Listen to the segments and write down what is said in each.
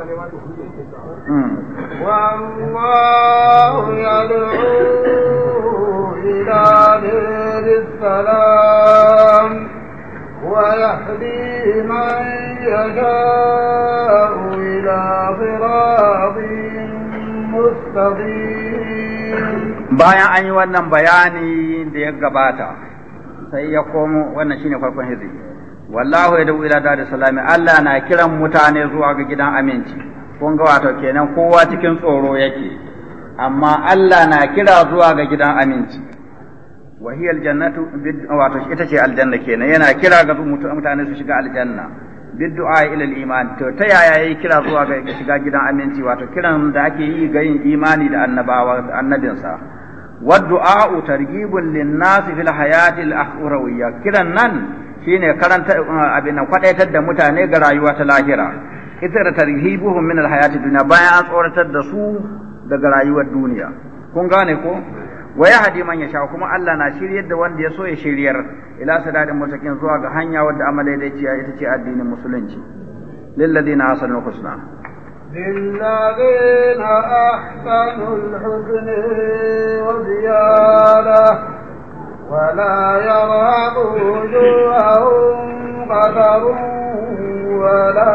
والله يدعو إلى دير السلام ويهدي من يشاء إلى صراط مستقيم bayan an yi wannan bayani da ya gabata sai ya komo wannan shine farkon hizbi wallahu ya dawo ila da salami Allah na kiran mutane zuwa ga gidan aminci kun ga wato kenan kowa cikin tsoro yake amma Allah na kira zuwa ga gidan aminci wa hiya aljannatu wato ita ce aljanna kenan yana kira ga mutane su shiga aljanna bid'a ila iman to ta yaya yayi kira zuwa ga shiga gidan aminci wato kiran da ake yi ga yin imani da annabawa annabinsa والدعاء ترغيب للناس في الحياة الأخروية كذا نن شيني كرنت أبنا قدأت الدمتاني قرأيوة الآخرة إذا ترغيبهم من الحياة الدنيا بايا أصورة الدسو rayuwar الدنيا kun gane ko wai ya hadi man yasha kuma Allah na shiryar da wanda ya so ya shiryar ila sadadin mutakin zuwa ga hanya wadda amalai a ita ce addinin musulunci lil na hasanul husna للذين أحسنوا الحزن وزيادة ولا يرهب وجوههم قدر ولا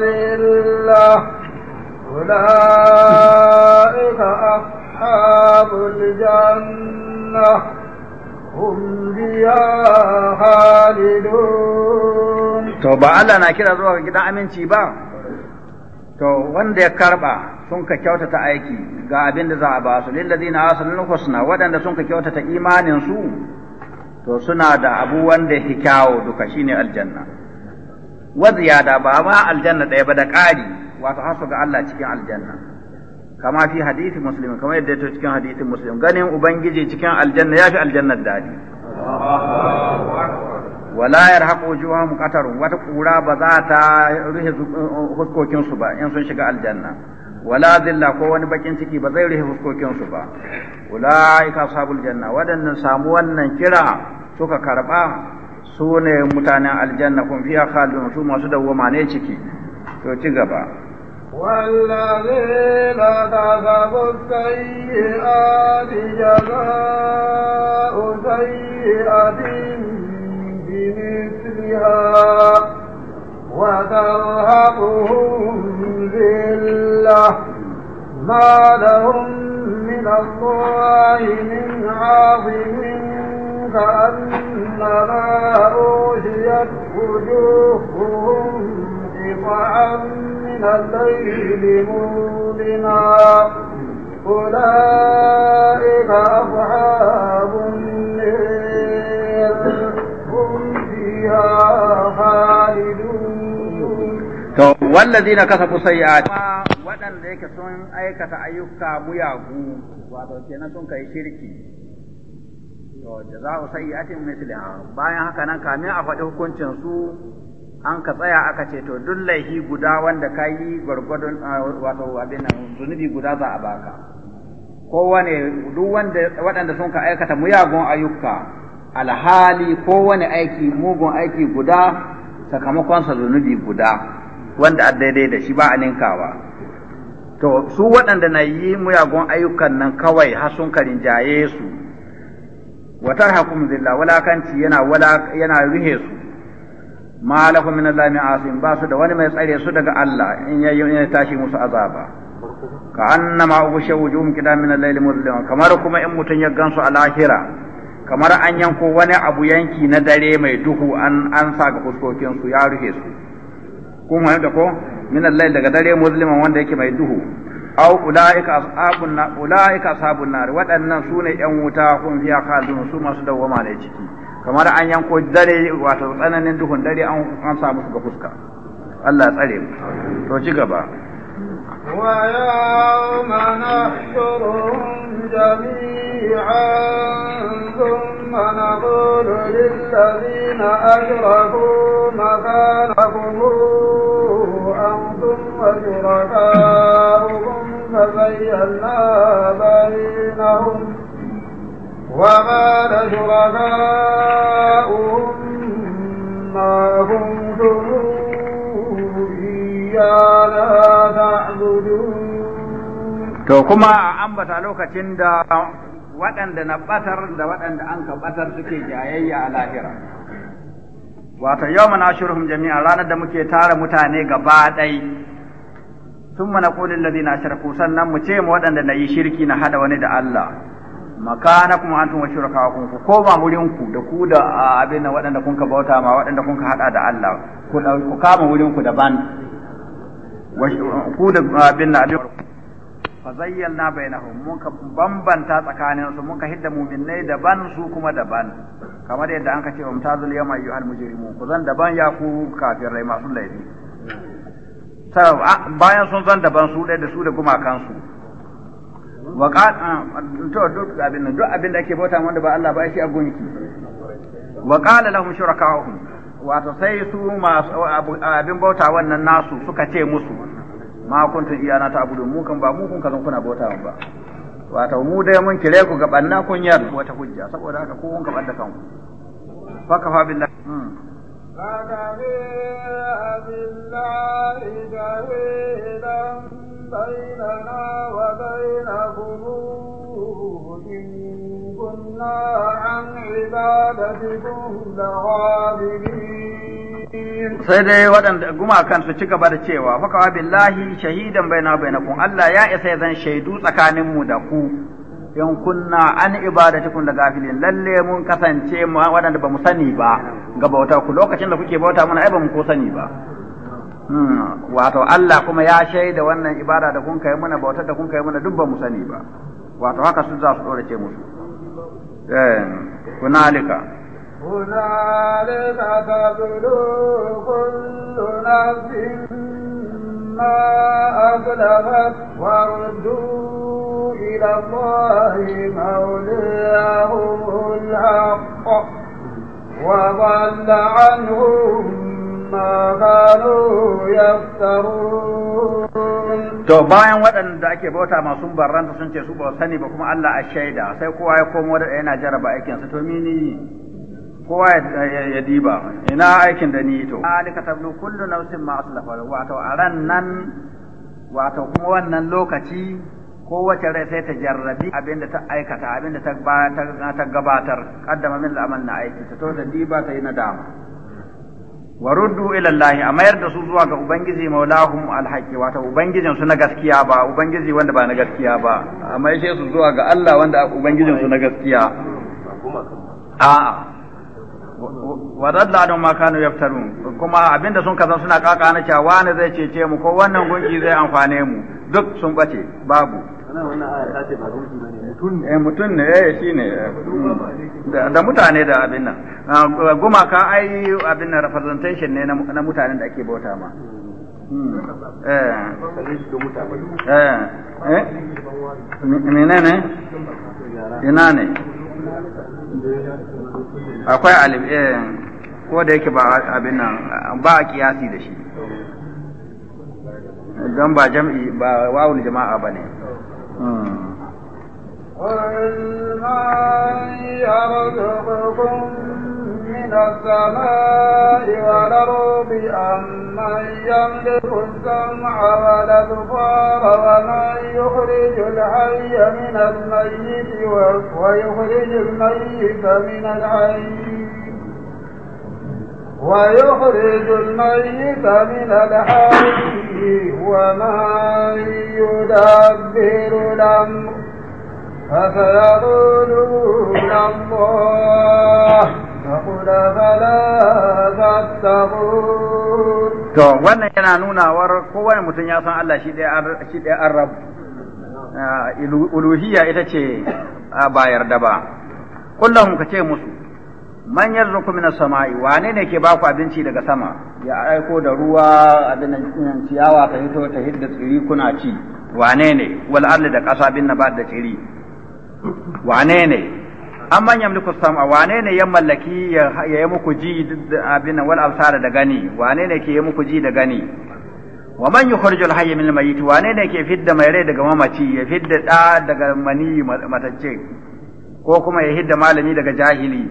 ذلة أولئك أصحاب الجنة هم فيها خالدون. توبة الله أنا كده زوجك ده أمين شيبان. to wanda ya karba sun ka kyautata aiki ga abin da za a ba su lillazina asalul husna waɗanda sun ka kyautata imanin su to suna da abu wanda yake kyawo duka shine aljanna wa ziyada ba ma aljanna ɗaya ba da ƙari wato hasu ga Allah cikin aljanna kama fi hadisi muslim kama yadda ya cikin hadisin muslim ganin ubangiji cikin aljanna ya fi aljannar daɗi wala yarhaqu wujuhahum qatarun wata kura ba za ta rufe uh, uh, huskokin ba in sun shiga aljanna wala zilla ko wani bakin ciki ba zai rufe huskokin su ba ulaika sabul janna wadannan samu wannan kira suka karɓa su ne mutanen aljanna kun fiya khalidun su masu dawwama ne ciki to ci gaba والذين كسبوا السيئات جزاء سيئة بمثلها وترهقهم ذلة ما لهم من الله من عظيم كأنما أوشيت وجوههم قطعا من الليل مظلما أولئك أصحاب النار هم فيها خالدون to wallazina kasafu waɗanda yake sun aikata ayyuka muyagu wato kenan sun kai shirki to jaza'u sayyi'atin misliha bayan haka nan kamin a faɗi hukuncin su an ka tsaya aka ce to duk laifi guda wanda ka yi gwargwadon wato abin nan zunubi guda za a baka kowane duk wanda waɗanda sun ka aikata muyagun ayyuka alhali kowane aiki mugun aiki guda sakamakonsa zunubi guda wanda a daidai da shi ba a ninkawa to su waɗanda na yi muyagun ayyukan nan kawai har sun ka rinjaye su watar hakum zilla walakanci yana yana ruhe su ma lahu min Allah min asim ba su da wani mai tsare su daga Allah in yayi in tashi musu azaba ka annama ubusha wujuhum kida min al-layli muzlim kamar kuma in mutun ya gansu a lahira kamar an yanko wani abu yanki na dare mai duhu an an sa ga fuskokin su ya rufe su kun fahimta ko min al daga dare musliman wanda yake mai duhu aw ulaika ashabun ulaika ashabun nar waɗannan sune yan wuta kun fiya khalidun su masu dawwama ne ciki kamar an yanko dare wato tsananin duhun dare an an sa musu ga fuska Allah tsare mu to ci gaba wa ya ma jami'an thumma naqulu lil ajrahu ma kanakum antum bayyana ومات شركاؤهم ما كنتم إيانا تعبدون To kuma a ambata lokacin da waɗanda na ɓatar da waɗanda an ka ɓatar suke jayayya a lahira. Wato yau mana shirhum jami'a ranar da muke tara mutane gaba ɗai sun mana kulin ladina sannan mu ce mu waɗanda na yi shirki na haɗa wani da Allah. kuma antum wa shurakakum ku koma wurin ku da ku da abin waɗanda kun ka bauta ma waɗanda kun ka hada da Allah ku ku kama wurin ku daban ku da abin na abin fa zayyalna bainahum mun ka bambanta tsakanin su mun ka hidda mu'minnai daban su kuma daban kamar yadda an ka ce umtazul yawma ayyuhal mujrimu ku zan daban ya ku kafirai masu laifi bayan sun zan daban su da su da gumakansu wa ah, to duk abin nan duk abin da ake bauta wanda ba Allah ba shi a gunki wa qala lahum shurakahum wato sai su masu abin bauta wannan nasu suka ce musu ma kuntum iyana ta abudu mu kan ba mu kun kazan kuna bauta ba wato mu dai mun kire ku ga banna kun yar wata hujja saboda haka ku kun ka banda kanku fa kafa hmm. billahi فكفي بالله شهيدا بيننا وبينهم إن كنا عن عبادتكم لغافلين sai dai waɗanda gumakan su ci gaba da cewa wa billahi shahidan baina bainakum Allah ya isa zan shaidu tsakaninmu da ku in kunna an ibadatikum da gafilin lalle mun kasance waɗanda ba mu sani ba ga bauta ku lokacin da kuke bauta mana ai ba mu ko sani ba Hmm. wato Allah kuma ya shaida wannan ibada da kun kai muna bautar da kun kai muna duk ba mu sani ba wato haka su za su ce musu eh kunalika ta zuru kullu nafsin ma aghlabat wa rudu ila allahi al-haqq wa dhalla anhum to bayan waɗanda ake bauta masu barranta sun ce su ba sani ba kuma Allah a shaida sai kowa ya komo da yana jaraba aikin sa to mini kowa ya diba ina aikin da ni to alika tablu kullu nafsin ma aslafa wato a ran nan wato kuma wannan lokaci kowace rai sai ta jarrabi abinda ta aikata abinda ta gabatar kaddama min al'amal na aiki ta to da diba ta yi nadama wa ruddu ila Allah a mayar da su zuwa ga ubangiji maulahum alhaqi wato ubangijin su na gaskiya ba ubangiji wanda ba na gaskiya ba a maishe su zuwa ga Allah wanda ubangijin su na gaskiya a'a wa radda don ma kanu yaftarun kuma abinda sun kaza suna kaka na cewa wani zai cece mu ko wannan gunki zai amfane mu duk sun bace babu aya mutum ne eh, ne ya eh, shi ne eh, da mutane da abin nan ah, gumaka ai abin nan representation ne na mutanen da ake bauta ma hmm. mene ne ina ne akwai alif ko da yake ba abin nan ba a kiyasi da shi don ba jam'i ba wawul jama'a ba ne قل من يرزقكم من السماء والأرض أمن من يملك السمع والأبصار ومن يخرج الحي من الميت ويخرج الميت من الحي ويخرج الميت من الحي وما يدبر الأمر فسيقولون الله فقل فلا تتقون to wannan yana nunawar kowane mutum ya san Allah shi ɗaya an rabu ah, uluhiyya ita ce ah, ba yarda ba kullum ka ce musu man yarzuku min samai wane ne ke baku abinci daga sama ya aiko da ruwa abin ciyawa ta hito ta hidda tsiri kuna ci wane ne wal ardi da kasa bin nabat da tsiri wane ne amman yamliku sama wane ne ya mallaki ya yi muku ji abin wal absara da gani wane ne ke yi muku ji da gani wa man yukhrijul hayy min al-mayyit wane ne ke fidda mai rai daga mamaci ya fidda da daga mani matacce ko kuma ya hidda malami daga jahili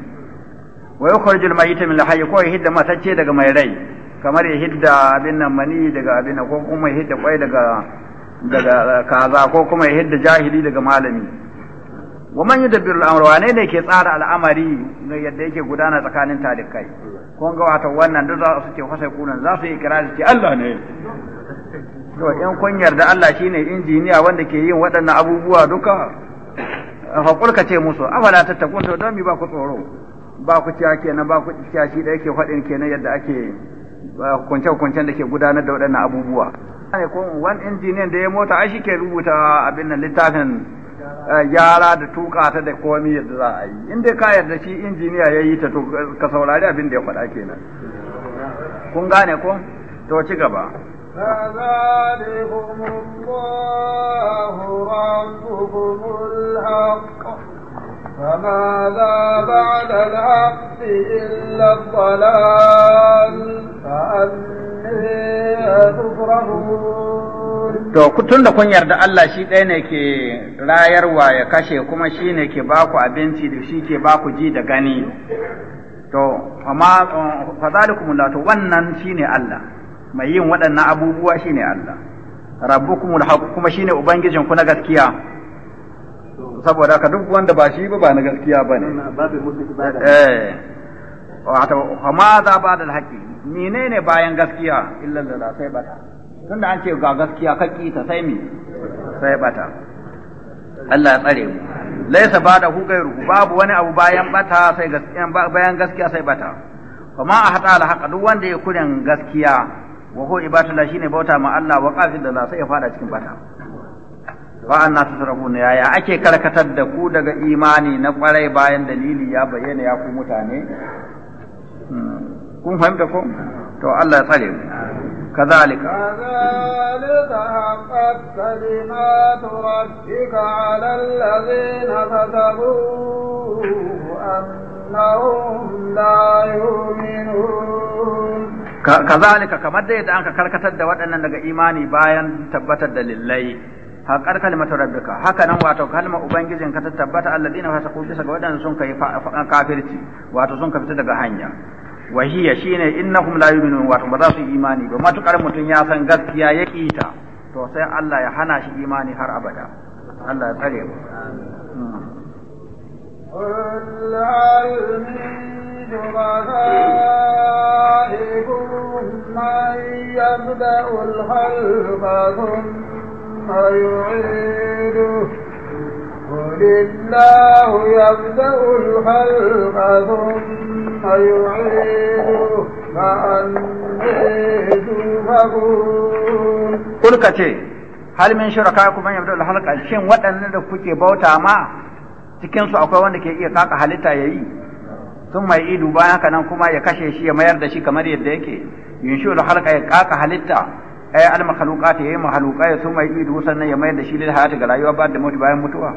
wa yukhrijul mayyita min al-hayy ko yahidda matacce daga mai rai kamar ya hidda abin nan mani daga abin ko kuma ya hidda kwai daga daga kaza ko kuma ya jahili daga malami wa man yudabbiru al-amra wane ne ke tsara al'amari ga yadda yake gudana tsakanin talikai kun ga wato wannan duk za su ce fasai kunan za su yi kirari ce Allah ne to in kun yarda Allah shine injiniya wanda ke yin waɗannan abubuwa duka fa musu, ce musu afala tattakun to don mi ba ku tsoro ba ku ciya kenan ba ku ciya shi da yake faɗin kenan yadda ake kwance-kwancen da ke gudanar da waɗannan abubuwa ne ko wani injiniyan da ya mota ai ke rubuta abin nan littafin eh, gyara da tuka ta da komi yadda za a yi inda ka yarda shi injiniya ya yi ta to ka saurari abin da ya faɗa kenan kun gane ko to ci gaba فذلكم الله ربكم الحق فماذا بعد الحق إلا الضلال فأني تفرحون To, tun da kun yarda Allah shi ɗaya ne ke rayarwa ya kashe kuma shi ne ke baku abinci da shi ke baku ji da gani, to, fa zalikumullah to wannan shi ne Allah, mai yin waɗannan abubuwa shi ne Allah, rabbukumul haqq kuma shi ne Ubangijinku na gaskiya. saboda ka duk wanda ba shi ba ba na gaskiya ba ne eh wato amma za ba da haƙi ne bayan gaskiya illan da sai bata tunda an ce ga gaskiya ka ta sai mi sai bata Allah ya tsare mu laisa ba da hugairu babu wani abu bayan bata sai gaskiya bayan gaskiya sai bata kuma a hada al haqa duk wanda ya kuren gaskiya wa ko ibadatu la shine bauta ma Allah wa qafil da la sai ya fada cikin bata fa anna tusrafuna ya ake karkatar da ku daga imani na kwarai bayan dalili ya bayyana ya ku mutane hmm. kun fahimta ko to Allah ya tsare kazalika kazalika haqqat kazalika kamar da yadda an karkatar da waɗannan daga imani bayan tabbatar da lillahi haƙar kalmatar rabbika haka nan wato kalmar ubangijin ka ta tabbata alladina fasaqu bisa ga wadanda sun kai kafirci wato sun fita daga hanya wahiya shine innahum la yu'minun wato ba za su imani ba matukar mutum ya san gaskiya ya kita to sai Allah ya hana shi imani har abada Allah ya tsare mu amin hmm. ويعيده قل الله يبدأ الخلق ثم يعيده فأني تؤفكون قل كتير hal min kuma yabda halka shin waɗannan da kuke bauta ma cikinsu akwai wanda ke iya kaka halitta yayi sun mai idu bayan kanan nan kuma ya kashe shi ya mayar da shi kamar yadda yake yunshul halqa ya kaka halitta ai al makhluqat yayi makhluqa ya suma yi du sannan ya mayar da shi lil hayati ga rayuwa ba da mutu bayan mutuwa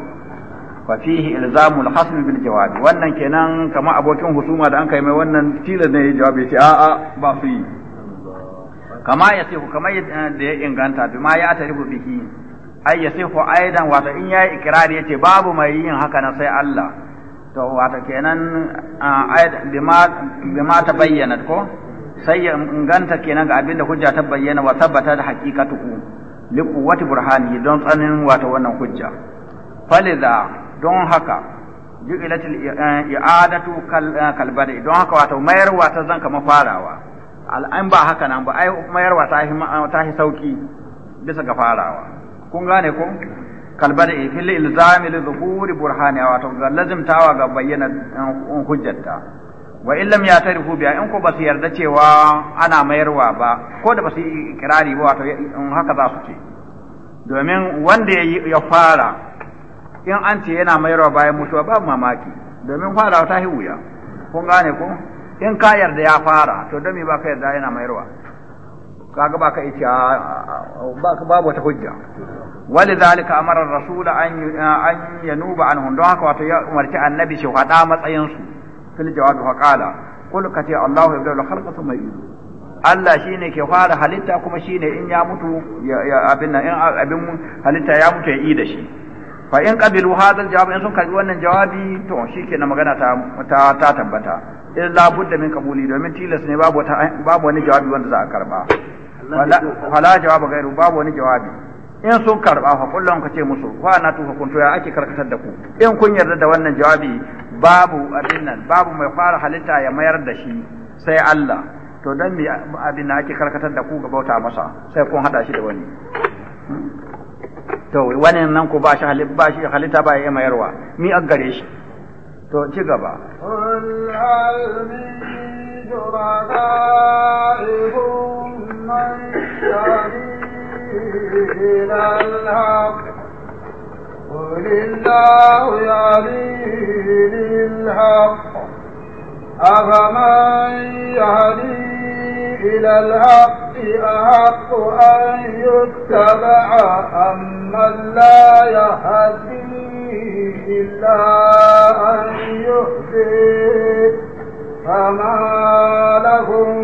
fa fihi ilzamu al hasm bil jawab wannan kenan kamar abokin husuma da an kai mai wannan tilan ne ya jawabi ce a a ba su yi kama ya sihu eh, kamar da ya inganta bi ma ya tarifu biki ai ya sihu aidan wato in yayi ikrari yace babu mai yin haka na sai Allah to wato kenan eh, bi ma ta bayyana ko sai ya inganta kenan ga abin da hujja ta bayyana wa tabbata da haqiqatuhu li quwwati burhani don tsanin wata wannan hujja faliza don haka ju'ilatil eh, i'adatu kalbada eh, don haka wato mayarwa ta zan kama farawa al'an ba haka nan ba ai mayarwa ta ta hi sauki bisa ga farawa kun gane ko kalbada fil ilzami li dhuhuri burhani wato ga lazimtawa ga bayyana eh, hujjarta wa illam ya ta rufu biya in ko ba su yarda cewa ana mayarwa ba ko da ba su yi ikirari ba wato in haka za su ce domin wanda ya fara in an ce yana mayarwa bayan mutuwa babu mamaki domin fara ta hi wuya kun gane ko in ka yarda ya fara to me ba ka yarda yana mayarwa kaga ba ka yi ba babu wata hujja ولذلك امر الرسول ان an yanuba عنهم don haka wato ya umarci annabi shi hada matsayin su fil jawabi fa qala qul kati Allahu yabda'u al-khalqa thumma yu'idu Allah shine ke fara halitta kuma shine in ya mutu ya abin nan in abin halitta ya mutu ya yi shi fa in qabilu hadha al-jawab in sun karbi wannan jawabi to na magana ta ta, ta tabbata illa budda min qabuli domin tilas ne babu babu wani jawabi wanda za a karba fala jawaba gairu babu wani jawabi in sun karba fa kullum ka ce musu fa na tuka kun to ya ake karkatar da ku in kun yarda da wannan jawabi babu abin nan babu mai fara halitta ya mayar da shi sai Allah to dan me abin ake karkatar da ku ga bauta masa sai kun hada shi da wani to wani nan ku ba shi halitta ba shi halitta ba ya mayarwa mi an gare shi to ci gaba من قل الله يهدي للحق أفمن يهدي إلى الحق أحق أن يتبع أم من لا يهدي إلا أن يهدي فما لكم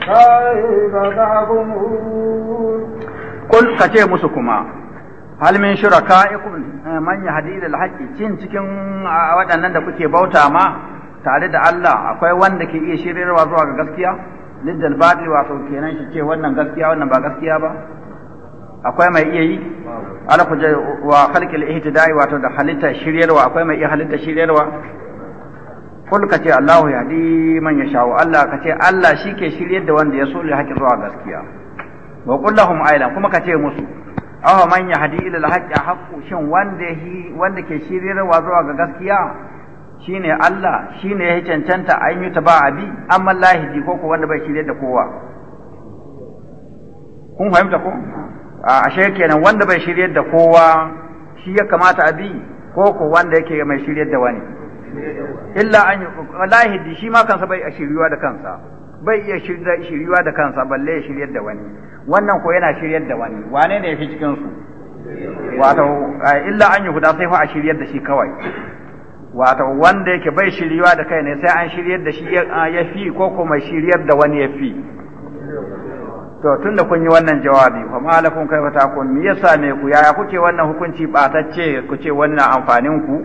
كيف تحكمون قل كتير مسكما hal min shuraka'ikum eh, man yahdil lil haqqi cin cikin waɗannan da kuke bauta ma tare da Allah akwai wanda ke iya shiryarwa zuwa ga gaskiya liddal batil wato kenan shi ce wannan gaskiya wannan ba gaskiya ba akwai mai iya yi ala kuje wa khalqil ihtidai wato da halitta shiryarwa akwai mai iya halitta shiryarwa kul ka ce Allahu di man yasha'u Allah ka ce Allah shi ke shiryar da wanda ya so ya haƙi zuwa gaskiya wa kullahum aila kuma ka ce musu awa man ya hadi ilal haqqi haqqu shin wanda wanda ke shirirwa zuwa ga gaskiya shine Allah shine ya cancanta a yi ta ba abi amma lahidi ko wanda bai shirye da kowa kun fahimta ko a ashe kenan wanda bai shirye da kowa shi ya kamata abi ko ko wanda yake mai shirye da wani illa an lahidi shi ma kansa bai a shiryuwa da kansa bai iya shiryuwa da kansa balle ya shiryar da wani wannan ko yana shiryar da wani wane ne yafi cikin su wato eh, illa an yi huda sai fa a shiryar da shi kawai wato wanda yake bai shiryuwa da kai ne sai an shiryar da shi ya ah, fi ko kuma shiryar da wani ya fi to tunda kun yi wannan jawabi fa malakun kaifa kun me yasa ne ku yaya kuke wannan hukunci batacce ku ce wannan amfanin ku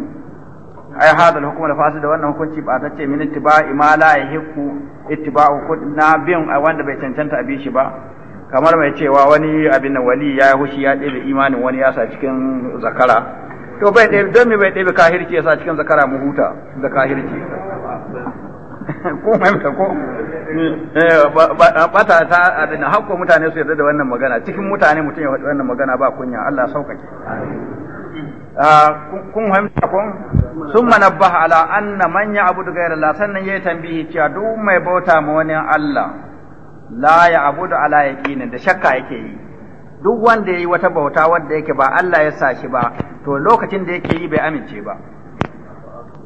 ai hada hukum da fasu da wannan hukunci ba ta ce min ittiba'i ma la yahiqu ittiba'u na bin wanda bai cancanta a shi ba kamar mai cewa wani abin wali ya yi hushi ya ɗebe imanin wani ya sa cikin zakara to bai ɗebe don me bai ɗebe kahirci ya sa cikin zakara mu huta da kahirci ko mai eh, ko bata ta abin hakko mutane su yarda da wannan magana cikin mutane mutum ya faɗi wannan magana ba kunya Allah sauƙaƙe Ah, kun fahimta kun sun ba ala anna man abudu ghayra Allah sannan yayi tambihi cewa duk mai bauta ma wani Allah la ya abudu ala yaqinin da shakka yake yi duk wanda yayi wata bauta wanda yake ba Allah ya sa shi ba to lokacin da yake yi bai amince ba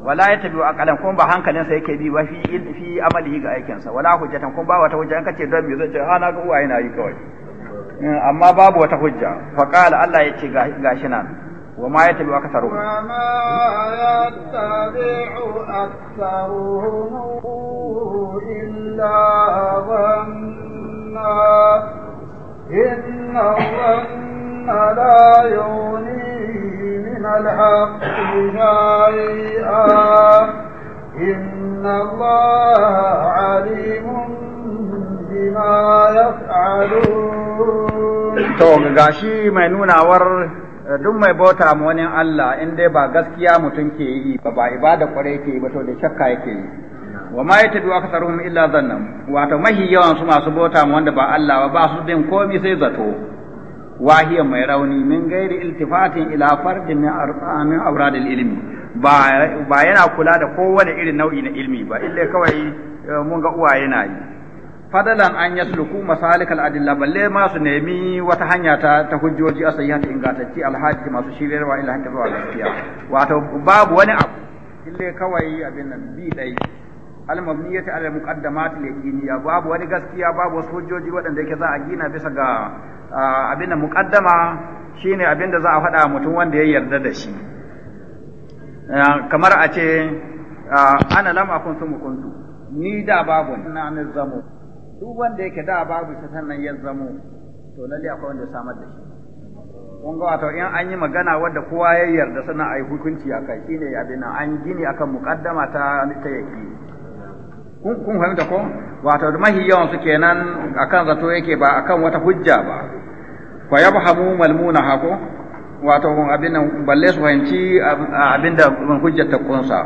wala ya tabi aqalan kuma ba hankalinsa yake bi ba fi fi amalihi ga aikinsa wala hujjatan kuma ba wata hujja an kace don me zai ce ah, na ga uwaye na yi kawai hmm, amma babu wata hujja qala Allah ya ce gashi nan وما يتبع أكثرهم وما يتبع أكثرهم إلا ظنا إن الظن لا يغني من الحق شيئا إن الله عليم بما يفعلون. To gashi mai nunawar duk mai bauta mu wani Allah in dai ba gaskiya mutum ke yi ba ba ibada kwarai ke yi ba to da shakka yake yi wa ma yatabi aktharuhum illa wato mahi yawan su masu bauta mu wanda ba Allah ba ba su bin komi sai zato wahiya mai rauni min gairi iltifatin ila fardin min arqamin awradil ilmi ba ba yana kula da kowane irin nau'i na ilmi ba illa kawai eh, mun ga uwaye na yi fadalan an yasluku masalik al-adilla balle ma su nemi wata hanya ta ta hujjoji asahiha ta ingantacci alhaji masu shiryarwa ila hanta zuwa gaskiya wato babu wani abu ille kawai abin nan bi dai al-mabniyati ala muqaddamat al-yaqiniya babu wani gaskiya babu wasu hujjoji waɗanda yake za a gina bisa ga abin nan muqaddama shine abin da za a faɗa mutum wanda ya yarda da shi kamar a ce ana lam akun sumu kuntu ni da babu na nizamu duk wanda yake da babu shi sannan ya zamo to lalle akwai wanda ya samar da shi kun ga wato in an yi magana wadda kowa ya yarda a ai hukunci a kai shine abin nan an gini akan muqaddama ta ta yake kun kun fahimta ko wato mahi yawan su kenan akan zato yake ba akan wata hujja ba fa yabhamu malmuna hako wato abin nan balle su fahimci abin da hujjar ta kunsa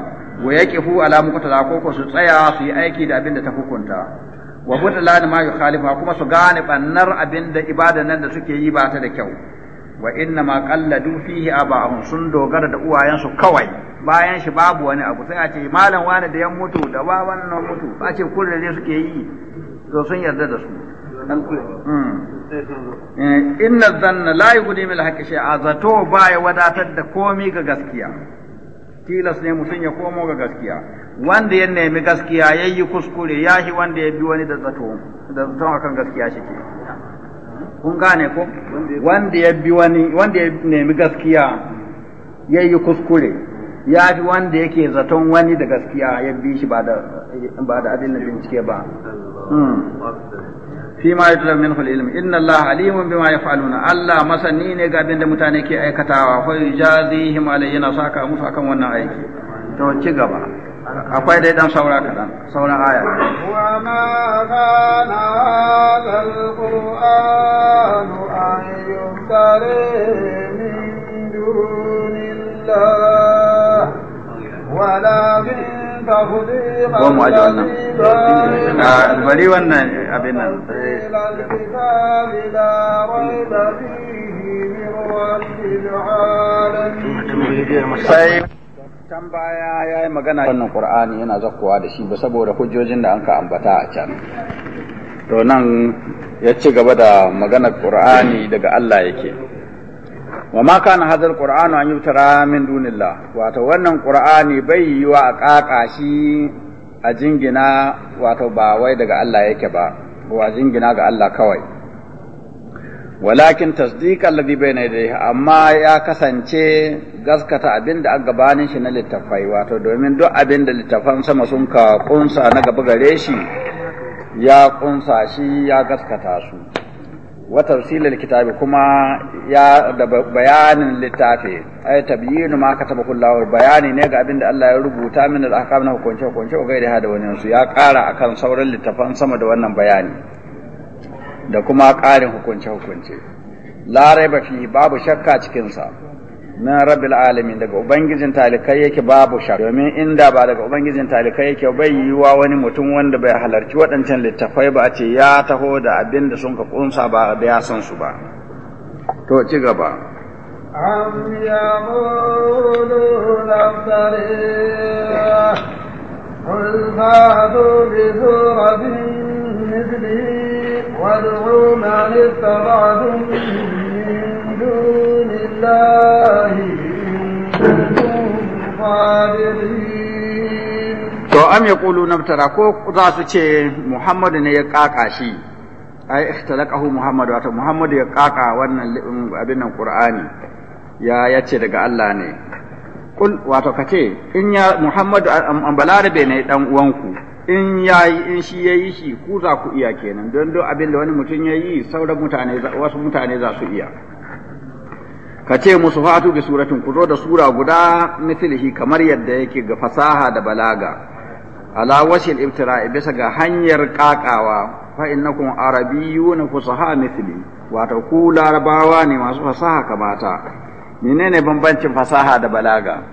wa yaqifu ala ko, ko su tsaya su yi aiki da abin da ta hukunta wa butlan ma Khalifa kuma su gane bannar abinda ibada nan da suke yi ba ta da kyau wa inna ma qalladu fihi aba'ahum sun dogara da uwayensu kawai bayan shi babu wani abu sai a ce malam wani da ya mutu da baban na mutu Ba ce kullum ne suke yi to sun yarda da su hmm. eh, inna zanna la yughni min al-haqqi shay'a zato baya wadatar da komi ga gaskiya tilas ne mutum ya komo ga gaskiya wanda ya nemi gaskiya ya yi kuskure ya shi wanda ya bi wani da zato da zato akan gaskiya shi ke kun gane ko wanda ya bi wani wanda ya nemi gaskiya ya yi kuskure ya fi wanda yake zaton wani da gaskiya ya bi shi ba da abin da bincike ba hmm. fi ma yutlab minhu ilm inna allaha alimun bima yaf'aluna allah masani ne ga abin da mutane ke aikatawa fa yujazihim alayhi saka musu akan wannan aiki to ci gaba akwai dai dan saura kadan sauran aya wa ma kana an min dunillah walakin ko mu aje wannan ah, bari wannan abin nan sai can baya ya yi magana wannan qur'ani yana zakkowa da shi ba saboda hujjojin da an ka ambata a can to nan ya ci gaba da maganar qur'ani daga Allah yake wa ma kana hadal qur'anu an yutara min dunillah wato wannan qur'ani bai yiwa a kaka shi a jingina wato ba wai daga Allah yake ba wa jingina ga Allah kawai walakin tasdiq alladhi bayna yadayhi amma ya kasance gaskata abinda an gabanin shi na littafai wato domin duk abinda littafan sama sun ka kunsa na gaba gare shi ya kunsa shi ya gaskata su wa tafsilil kitabi kuma ya da bayanin littafi ay tabyinu ma kataba kullahu bayani ne ga abinda Allah ya rubuta min al ahkam na hukunce hukunce ga gaida da wani su ya ƙara akan sauran littafan sama da wannan bayani da kuma karin hukunce hukunce la raiba fi babu shakka cikin sa na rabbil alamin daga ubangijin talikai yake babu shar domin inda ba daga ubangijin talikai yake bai yi wa wani mutum wanda bai halarci waɗancan littafai ba ce ya taho da abin da sun ka kunsa ba da ya san su ba to ci gaba am yaquluna قل فاتوا To am ya ƙulu tara ko za su ce Muhammadu ne ya ƙaƙa shi, ai, ihtalaqahu Muhammadu, wata Muhammadu ya ƙaƙa wannan abin nan Ƙur'ani ya yace daga Allah ne. Kul wato ka ce, in ya Muhammadu balarabe ne ɗan uwanku, in ya yi in shi ya yi shi ku za ku iya kenan, don duk abin da wani mutum ya yi sauran wasu mutane za su iya. ka ce musu fatu bi suratin ku zo da sura guda mithlihi kamar yadda yake ga fasaha da balaga ala wasil ibtira'i bisa ga hanyar kakawa fa innakum arabiyyun fusaha mithli wato ku larabawa ne masu fasaha kamata menene bambancin fasaha da balaga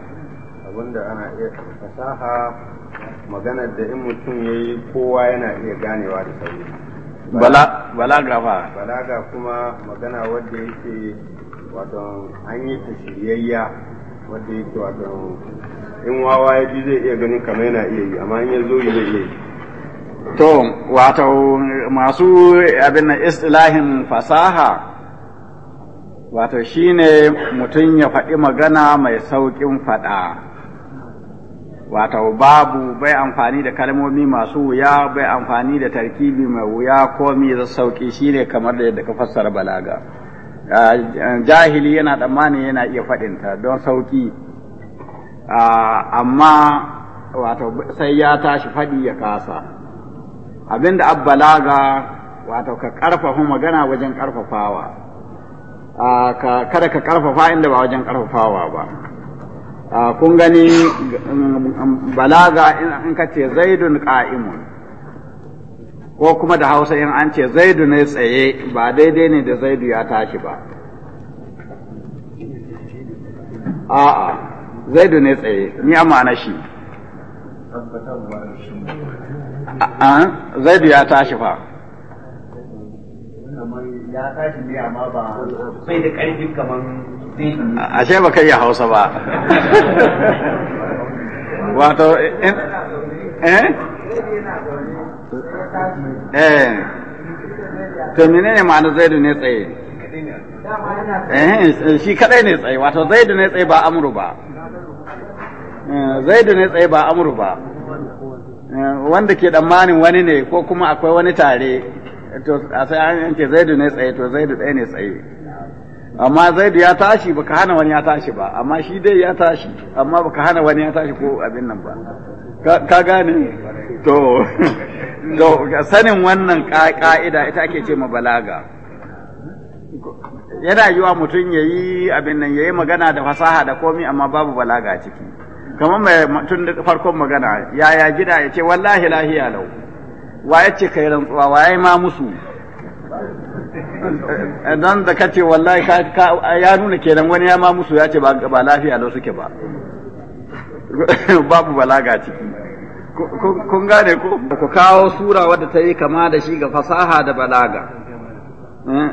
abinda ana iya fasaha magana da in mutum yayi kowa yana iya ganewa da sauri balaga fa balaga kuma magana wadda yake wato an yi ta shiryayya wadda yake wato in wawa ya ji zai iya ganin kamar yana iya yi amma in ya zo zai iya yi to wato masu abin istilahin fasaha wato shine mutum ya faɗi magana mai sauƙin faɗa wato babu bai amfani da kalmomi masu wuya bai amfani da tarkibi mai wuya ko mi sauƙi shine kamar da yadda ka fassara balaga jahili yana tsammanin yana iya faɗinta don sauƙi amma wato sai ya tashi faɗi ya kasa abinda abbalaga wato ka ƙarfafa magana wajen ƙarfafawa kada ka ƙarfafa inda ba wajen ƙarfafawa ba kun gani um, balaga in ka ce zaidun ƙa'imun ko kuma da hausa in an ce zaidu ne tsaye ba daidai ne da zaidu ya tashi ba a'a zaidu ne tsaye ni amana shi zaidu ya tashi fa ya tashi ne amma ba sai da ƙarfi kamar ce ba kai ya hausa ba wato eh eh to menene ma'anar zaidu ne tsaye eh shi kadai ne tsaye wato zaidu ne tsaye ba amru ba eh, zaidu ne tsaye ba amru ba eh, wanda ke tsammanin wani ne ko kuma akwai wani tare to a sai an yanke zaidu ne tsaye to zaidu tsaye ne tsaye amma zaidu ya tashi baka hana wani ya tashi ba amma shi dai ya tashi amma baka hana wani ya tashi ko abin nan ba ka gane to sanin wannan ka'ida ita ake ce ma balaga yana yiwa mutum ya yi abin nan ya yi magana da fasaha da komi amma babu balaga ciki kamar mai tun farkon magana ya ya gida ya ce wallahi lahiya lau wa ya ce kai rantsuwa wa ya yi ma musu don da kace wallahi ya nuna kenan wani ya ma musu ya ce ba lafiya lau suke ba babu balaga ciki kun gane ko ku kawo sura wadda ta yi kama da shi ga fasaha da balaga eh?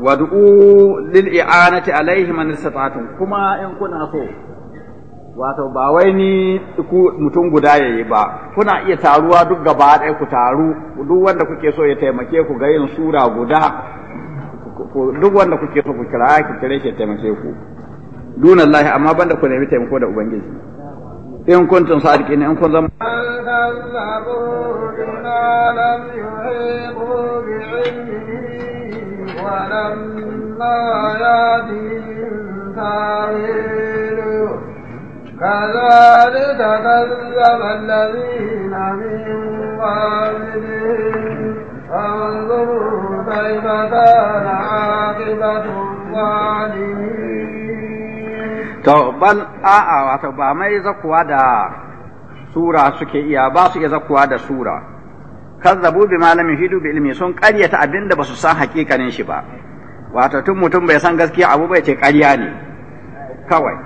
wad'u lil i'anati alaihi man istata'tum kuma in kuna so wato ba wai ni ku mutum guda yayi ba kuna iya taruwa duk gaba ɗaya ku taru duk wanda kuke so ya taimake ku ga yin sura guda duk wanda kuke so ku kira ki kire shi taimake ku dunallahi amma banda ku nemi taimako da ubangiji in kuntum sadiqin in kun zama ولما يأتهم تأويله كذلك كذب الذين من قبلهم فانظروا كيف كان عاقبة الظالمين to ban a'a wato ba mai zakuwa da sura suke iya ba su iya zakuwa da sura kazzabu bi malamin hidu bi ilmi sun karyata abinda basu san hakikanin shi ba wato tun mutum bai san gaskiya abu bai ce karya ne kawai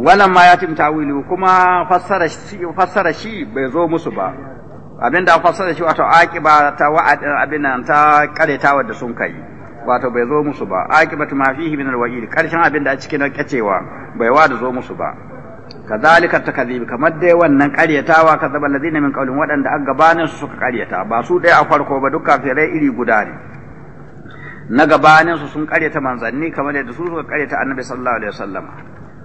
wannan ma ya timta wilu kuma fassara shi bai zo musu ba abinda fassara shi wato ba ta wa'adin abin nan ta karyatawa da sun kai wato bai zo musu ba akibatu ma fihi min alwa'id karshen abin da a cikin kacewa bai wa da zo musu ba kadhalika takdhib kamar dai wannan ƙaryatawa kadzaba alladhina min qawlin waɗanda an gabanin su suka ƙaryata ba su dai a farko ba duk fere iri guda ne na gabanin su sun ƙaryata manzanni kamar yadda su suka ƙaryata annabi sallallahu alaihi wasallam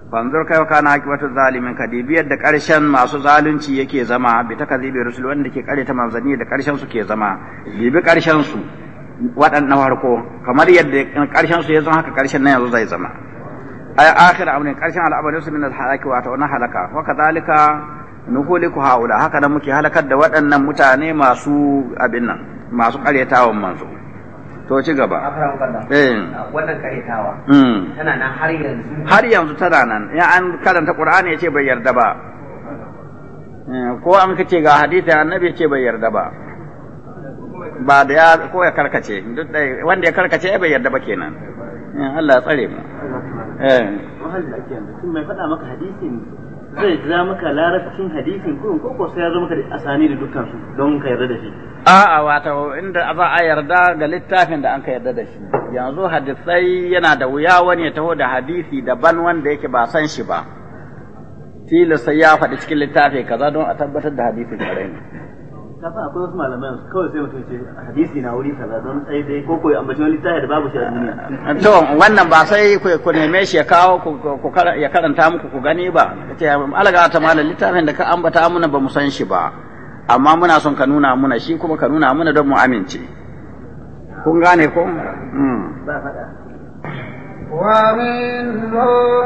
fanzur kai kana akibatu zalimin kadibiyar da karshen masu zalunci yake zama bi takazibi rusul wanda ke ƙaryata manzanni da karshen su ke zama bibi karshen su waɗannan farko kamar yadda ƙarshen su ya zama haka ƙarshen na yanzu zai zama ay akhir amrin ƙarshen al'amarin su min al-halaki wa ta'una halaka wa kadhalika nuhuliku haula haka nan muke halakar da waɗannan mutane masu abin nan masu ƙaryatawan manzo to ci gaba eh wannan ƙaryatawa hmm. tana nan har yanzu har yanzu tana nan ya an karanta qur'ani yace bai yarda ba eh, ko an kace ga hadisi annabi yace bai yarda ba ba da ya ko ya karkace duk dai wanda ya karkace bai yarda ba kenan eh, Allah ya tsare mu eh ake yanzu tun mai faɗa maka hadisin zai ja maka larabcin hadisin ko ko ko sai ya zo maka da asani da dukkan su don ka yarda da shi a'a wato inda za a yarda ga littafin da an ka yarda da shi yanzu hadisai yana da wuya wani ya taho da hadisi daban wanda yake ba san shi ba tilas ya faɗi cikin littafi kaza don a tabbatar da hadisin kafa akwai wasu su kawai sai mutum ce hadisi na wuri kaza don sai dai ko koyi ambaci wani littafi da babu shi a duniya to wannan ba sai ku neme shi ya kawo ku ya karanta muku ku gani ba kace alaga ta malam littafin da ka ambata amuna ba mu san shi ba amma muna son ka nuna muna shi kuma ka nuna muna don mu amince kun gane ko hmm. ba faɗa ومنهم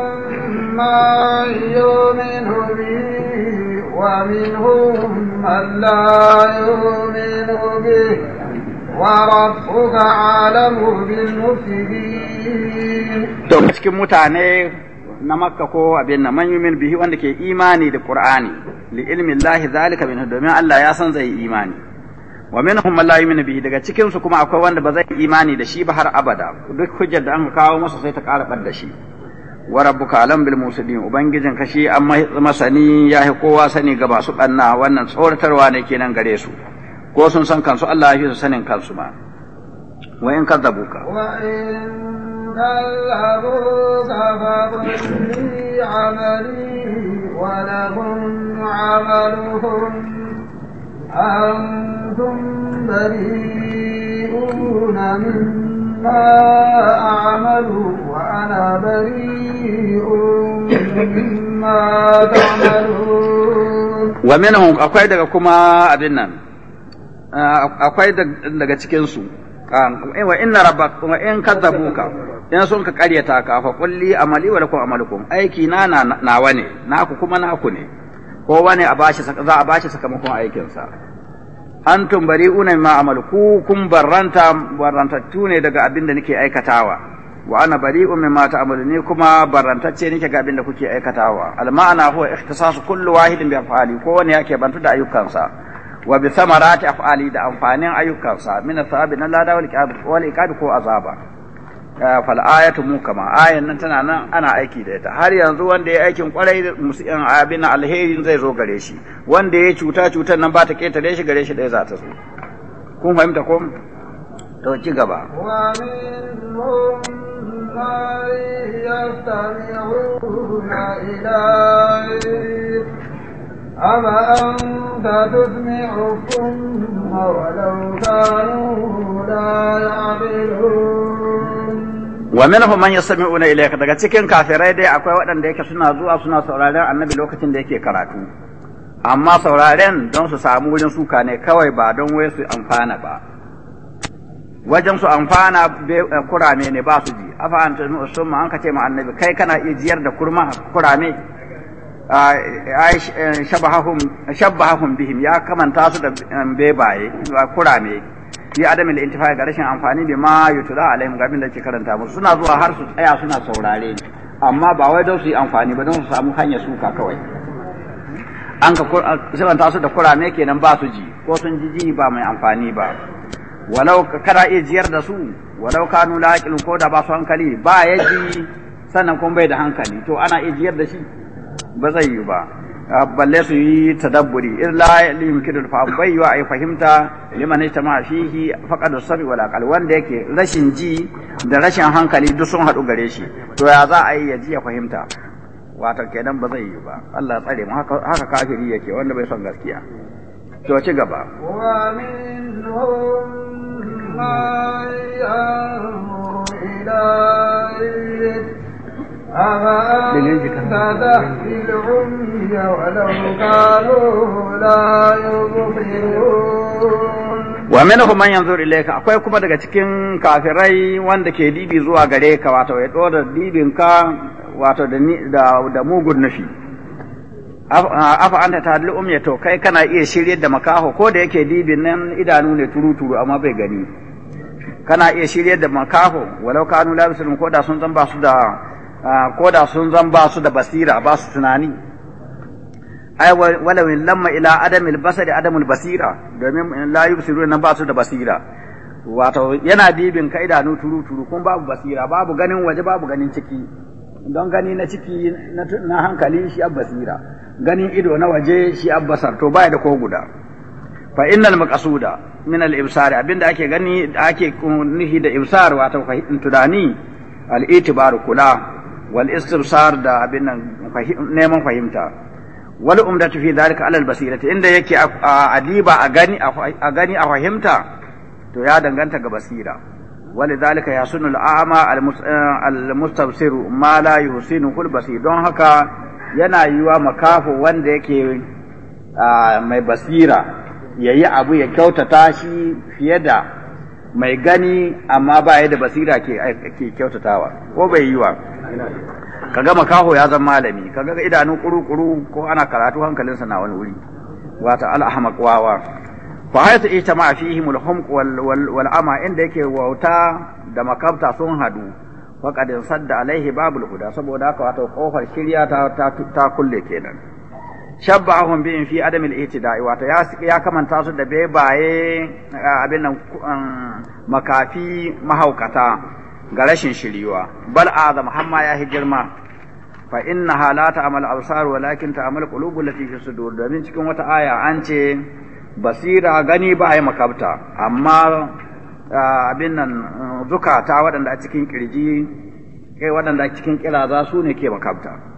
من يؤمن به ومنهم من لا يؤمن به وربك أعلم بالمفسدين cikin mutane na makka ko abin nan man bihi wanda ke imani da qur'ani li ilmi llahi zalika min domin Allah ya san zai imani wa minhum man la yu'minu bihi daga cikin su kuma akwai wanda ba zai imani da shi ba har abada duk hujjar da an kawo masa sai ta ƙara bar da shi wa rabbuka alam bil musidin ubangijin ka shi an masani ya kowa sani ga masu banna wannan tsoratarwa ne kenan gare su ko sun san kansu Allah ya fi su sanin kansu ma wa in kadzabuka wa in أنتم بريئون مما أعمل وأنا بريء مما تعملون ومنهم أقوى daga kuma abin nan akwai daga cikinsu wa inna rabbak in kadzabuka in sun ka karyata ka kulli amali wa lakum amalukum aiki na nawa ne naku kuma naku ne ko wani a bashi za a bashi sakamakon aikinsa antum bari'una ma amal ku kun barranta barrantattu ne daga abin da nake aikatawa wa ana ma mimma ta'malu ni kuma barrantacce nake ga abin da kuke aikatawa al huwa ikhtisasu kullu wahidin bi af'ali ko wani yake bantu da ayyukansa wa bi samarati af'ali da amfanin ayyukansa min athabi na lada wal iqab ko azaba fal'ayatu kama ayan nan tana nan ana aiki da ita har yanzu wanda ya aikin kwarai musu abin alherin zai zo gare shi wanda ya cuta cutar nan ba ta ketare shi gare shi ɗaya za ta zo kun fahimta ko to ci gaba أما أنت wa minhum man yastami'una ilayka daga cikin kafirai dai akwai waɗanda yake suna zuwa suna sauraren annabi lokacin da yake karatu amma sauraren don su samu wurin suka ne kawai ba don wai su amfana ba wajen su amfana eh, kurame ne ba su ji afa an tunu summa an kace ma annabi kai kana iya jiyar da kurma kurame eh, shabahum shabahum bihim ya kamanta su da eh, bebaye kurame fi adamin intifa ga rashin amfani bi ma yutura alaihim gabin da ke karanta musu suna zuwa har su tsaya suna saurare ni amma ba wai don su yi amfani ba don su samu hanyar suka kawai an ka siranta su da kurame kenan ba su ji ko sun ji ji ba mai amfani ba walau kada iya jiyar da su walau kanu la ko da ba su hankali ba ya ji sannan kuma bai da hankali to ana iya jiyar da shi ba zai yi ba balle su yi tadabburi illa yumkinu fa bai wa ai fahimta liman ijtama fihi faqad as-sami wal aqal wanda yake rashin ji da rashin hankali duk sun hadu gare shi to ya za a yi ya ji ya fahimta wato kenan ba zai yi ba Allah tsare mu haka haka kafiri yake wanda bai son gaskiya to ci gaba wa minhum man yanzur ilayka akwai kuma daga cikin kafirai wanda ke dibi zuwa gare ka wato ya dora dibin ka wato da da mugun nufi afa anta tadlu umya to kai kana iya shiryar da makaho ko da yake dibin nan idanu ne turu turu amma bai gani kana iya shiryar da makaho walau kanu la ko da sun zan ba su da Ah, ko da sun zan ba su da basira ba su tunani ai walau lamma ila adamil basari adamul basira domin la yusiru nan ba su da basira wato yana bibin ka idanu turu turu kun babu basira babu ganin waje babu ganin ciki don gani na ciki na hankali shi basira ganin ido na waje shi basar, to baya da ko guda fa innal maqsuda min al ibsar abinda ake gani ake nihi da ibsar wato fahimtu dani al itibaru kula wal istibsar da abin nan neman fahimta wal umdatu fi dhalika alal basirati inda yake adiba a gani a gani a fahimta to ya danganta ga basira ولذلك al الأعمى ma la yusinu kul basir don haka yana yiwa makafu wanda yake ah, mai basira yayi abu ya kyautata shi fiye da mai gani amma ba yadda da basira ke ke kyautatawa ko bai yi wa kaga makaho ya zama malami kaga idanun kuru-kuru ko ana karatu hankalinsa na wani wuri wata al'ahmaq wawa fa ita ijtama a fi humq wal ama inda yake wauta da makabta sun hadu faqad sadda alaihi babul huda saboda haka wato kofar shirya ta ta kulle kenan shabbahum bi fi adam al itidai wato ya ya kamanta su da bebaye abin nan makafi mahaukata ga rashin shiriwa bal azam hamma ya hi girma fa inna halata amal absar walakin ta'amal qulubul lati fi sudur domin cikin wata aya an ce basira gani ba ai makabta amma abin nan zukata waɗanda a cikin kirji eh, waɗanda a cikin kira za su ne ke makabta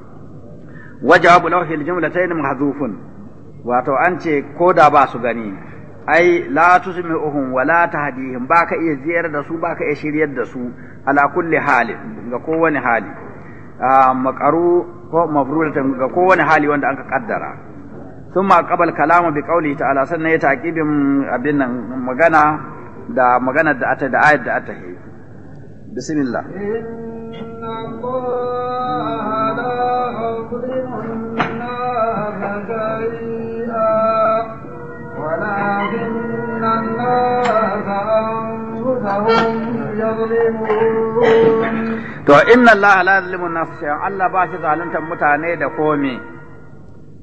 wajabu lahu fil jumlatayn mahdhufun wato an ce ko da ba su gani ai la tusmi'uhum wa la tahdihim ba ka iya ziyar da su ba ka iya shiryar da su ala kulli halin ga kowane hali ah, makaru ko mabrulatan ga kowane hali wanda an ka kaddara thumma qabal kalama bi qawli ta'ala sannan ya taqibin abin nan magana da magana da To inna Allah la zalimu nafsa Allah ba shi zaluntar mutane da komi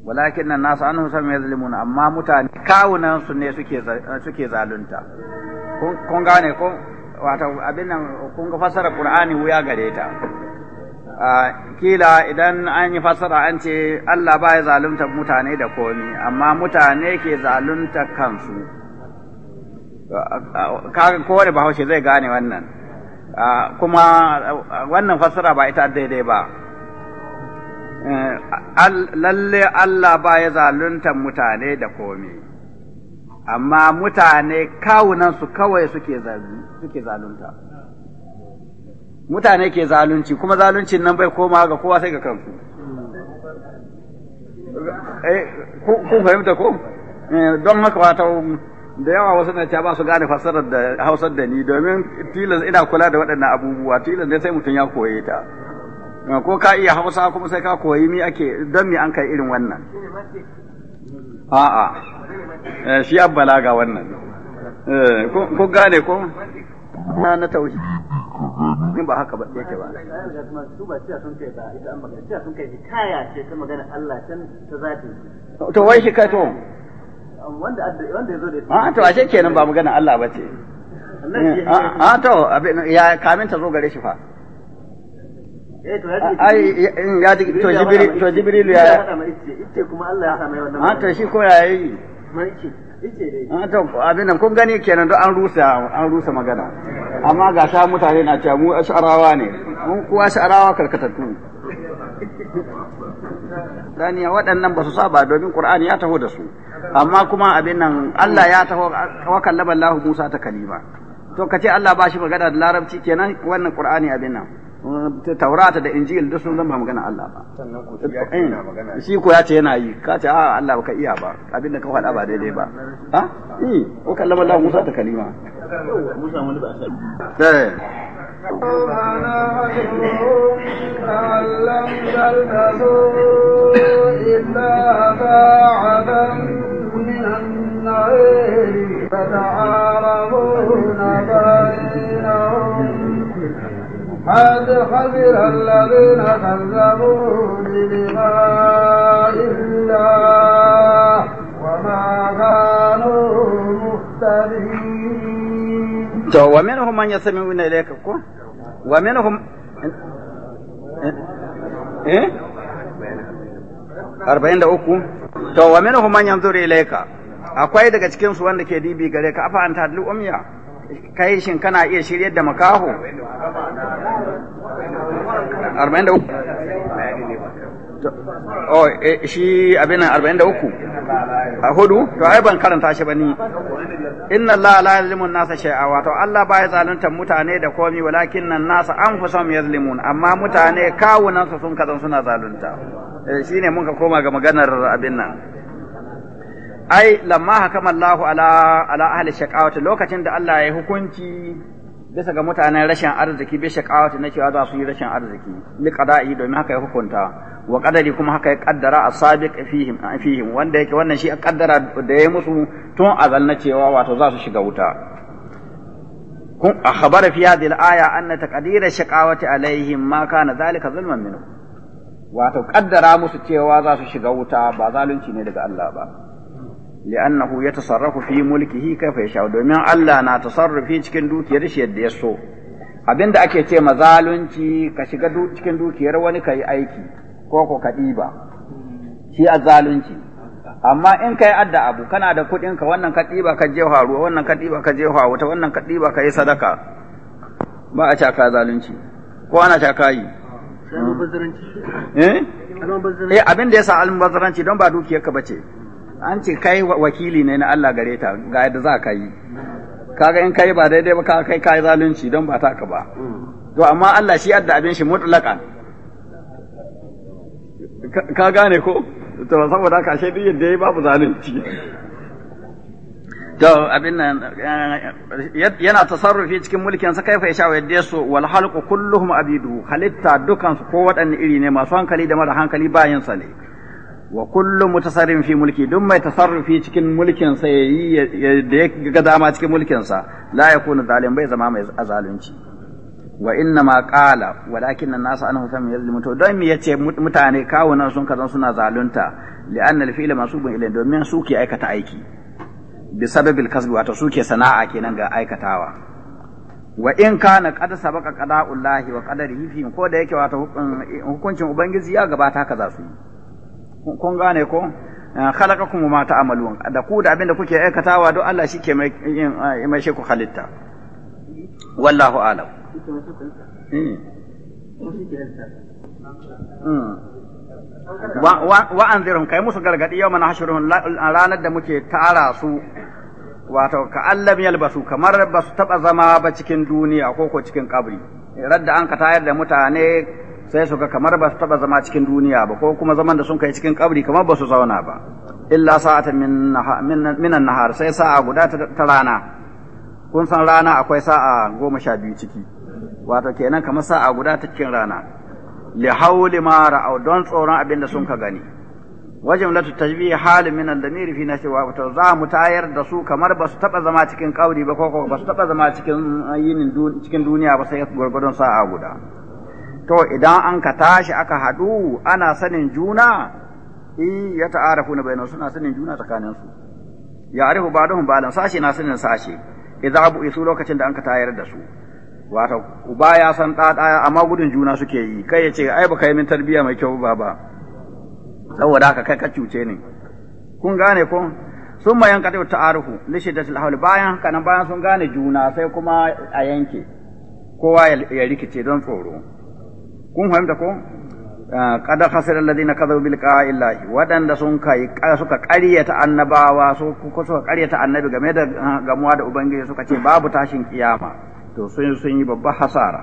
walakin nan nasu an husa mai amma mutane kawunan su ne suke zalunta kun gane ko wato abin nan kun ga fassara Qur'ani wuya gare ta kila idan an yi fassara an ce Allah ba ya zalunta mutane da komi amma mutane ke zalunta kansu kaga kowane bahaushe zai gane wannan kuma wannan fassara ba ita daidai ba eh, lalle Allah ba ya zalunta mutane da komi amma mutane kawunansu kawai suke zalunta mutane ke zalunci kuma zaluncin nan bai koma ga kowa sai ga kanku eh, kun fahimta ko eh, don haka wata da yawa wasu na ba su gane fassarar da hausar da ni domin tilas ina kula da waɗannan abubuwa tilas ne sai mutum ya koye ta eh, ko ka iya hausa kuma sai ka koyi mi ake don mi an kai irin wannan a'a shi ga wannan ko gane ko na na tauhidi in ba haka ba yake ba su ba cewa sun kai ba ita an magana cewa sun kai kaya ce ta magana Allah can ta zati to wai shi hikato wanda wanda yazo da a to ashe kenan ba magana Allah ba ce a to abin ya kamin ta zo gare shi fa ai in ya ji to jibril to jibril ya ce kuma Allah ya sa mai wannan a to shi ko yayi mai ce Ah, abin nan kun gani kenan duk an rusa an rusa magana amma ga sha mutane na cewa mu ash'arawa ne mun kuwa ash'arawa karkatattu daniya waɗannan ba su saba domin qur'ani ya taho da su amma kuma abin nan Allah ya taho wa kallama Allah Musa ta kalima to kace Allah ba shi magana da larabci kenan wannan qur'ani abin nan taurata da injil duk sun zama magana Allah ba shi ko ya ce yana yi ka ce a ah, Allah ka iya ba abinda ka faɗa ba daidai ba ha eh ko kallama Allah Musa ta kalima Musa wani ba sai فتعارفون بينهم قد خسر الذين كذبوا بلقاء الله وما كانوا مهتدين ومنهم من يستمعون إليك ومنهم إيه؟ أربعين أوكو تو ومنهم من ينظر إليك أقوى daga cikinsu wanda ke dibi gare ka afa an tadlu umya kai shin kana iya shiryar da makaho arba'in da uku oh eh, shi abin arba'in da uku a hudu to ai ban karanta shi ba ni inna Allah la yuzlimun nasa shay'a to Allah baya zaluntar mutane da komi walakin nan nasa an fi son yuzlimun amma mutane kawunan su sun kazan suna zalunta eh, shine mun ka koma ga maganar abin nan ai lamma hakama Allahu ala ala ahli shaqawati lokacin da Allah ya yi hukunci bisa ga mutanen rashin arziki bi shaqawati na cewa za su yi rashin arziki li qada'i domin haka ya hukunta wa qadari kuma haka ya kaddara a asabiq fihim fihim wanda yake wannan shi a kaddara da ya musu tun azal na cewa wato za su shiga wuta kun akhbara fi hadhihi al-aya anna taqdira shaqawati alaihim ma kana zalika zulman minhu wato kaddara musu cewa za su shiga wuta ba zalunci ne daga Allah ba يتصرف في ملكه كيف يشاء دومين domin Allah na في cikin dukiyar shi yadda ya abinda ake ce mazalunci ka shiga cikin dukiyar wani kai aiki ko ko ka ɗiba shi azalunci amma in kai adda abu kana da kudin ka wannan ka ɗiba ka jefa ruwa wannan ka ɗiba ka jefa wuta wannan ka ɗiba ka yi sadaka ba a caka zalunci ko ana caka yi eh? eh abin da yasa almubazzaranci don ba dukiyar ka bace an ce kai wakili ne na Allah gare ta ga yadda za ka yi kaga in kai ba daidai ba ka kai kai zalunci don ba taka ba to amma Allah shi yadda abin shi mutlaqan ka gane ko to saboda ka shi duk yadda yayi babu zalunci to abin nan eh, yana tasarrufi cikin mulkin sa kaifa yasha yadda su wal halqu kulluhum abidu halitta dukan su ko waɗanne iri ne masu hankali da mara hankali bayan sa ne wa kullum mutasarrin fi mulki duk mai tasarrufi cikin mulkin sa yayi da ya ga dama cikin mulkin sa la yakunu zalim bai zama mai azalunci wa inna ma qala walakin an-nasu anhu fam yazlimu to dan me yace mutane kawunan sun kazan suna zalunta anna al-fi'la masubun ilayhi domin su ke aikata aiki bi sababil kasbi wato su ke sana'a kenan ga aikatawa wa in kana qad sabaka qada'ullahi wa qadarihi fi ko da yake wato hukuncin ubangiji ya gabata kaza su kun gane ko eh, khalaqakum ma ta'malun da ku da abinda kuke aikatawa don Allah shi mai eh, mai shi ku halitta wallahu alam eh. hmm. wa anzirun kai musu gargadi yau mana hashurun ranar da muke tara su wato ka allam yalbasu kamar ba su taba zama ba cikin duniya ko ko cikin kabri radda an ka tayar da mutane sai suka kamar ba su taba zama cikin duniya ba ko kuma zaman da sun kai cikin kabri kamar ba su zauna ba illa sa'atan min minan nahar sai sa'a guda ta rana kun san rana akwai sa'a goma sha biyu ciki wato kenan kamar sa'a guda ta cikin rana li hauli ma ra'aw don tsoron abin da sun ka gani wajen latu tajbi halin min al-damir fi nafsi wa wato za mu tayar da su kamar ba su taba zama cikin kauri ba ko ba su taba zama cikin yinin cikin duniya ba sai gurgurdon sa'a guda to idan an ka tashi aka haɗu ana sanin juna in ya ta'arafu na bayanan suna sanin juna tsakaninsu ya arifu ba duhun balan sashe na sanin sashe idan abu isu lokacin da an ka tayar da su wato uba ya san ɗaya-ɗaya, amma gudun juna suke yi kai ya ce ai ba kai min tarbiyya mai kyau ba ba saboda haka kai ka cuce ni kun gane ko sun ma yanka ta ta'arufu li da tilhawli bayan haka bayan sun gane juna sai kuma a yanke kowa ya rikice don tsoro kun fahimta ko kada ah, khasir alladhina kadhabu bil liqa'i llahi wadanda sun kai suka qaryata annabawa ko suka qaryata annabi game da ah, gamuwa da ubangiji suka ce babu tashin kiyama to sun sun yi babba hasara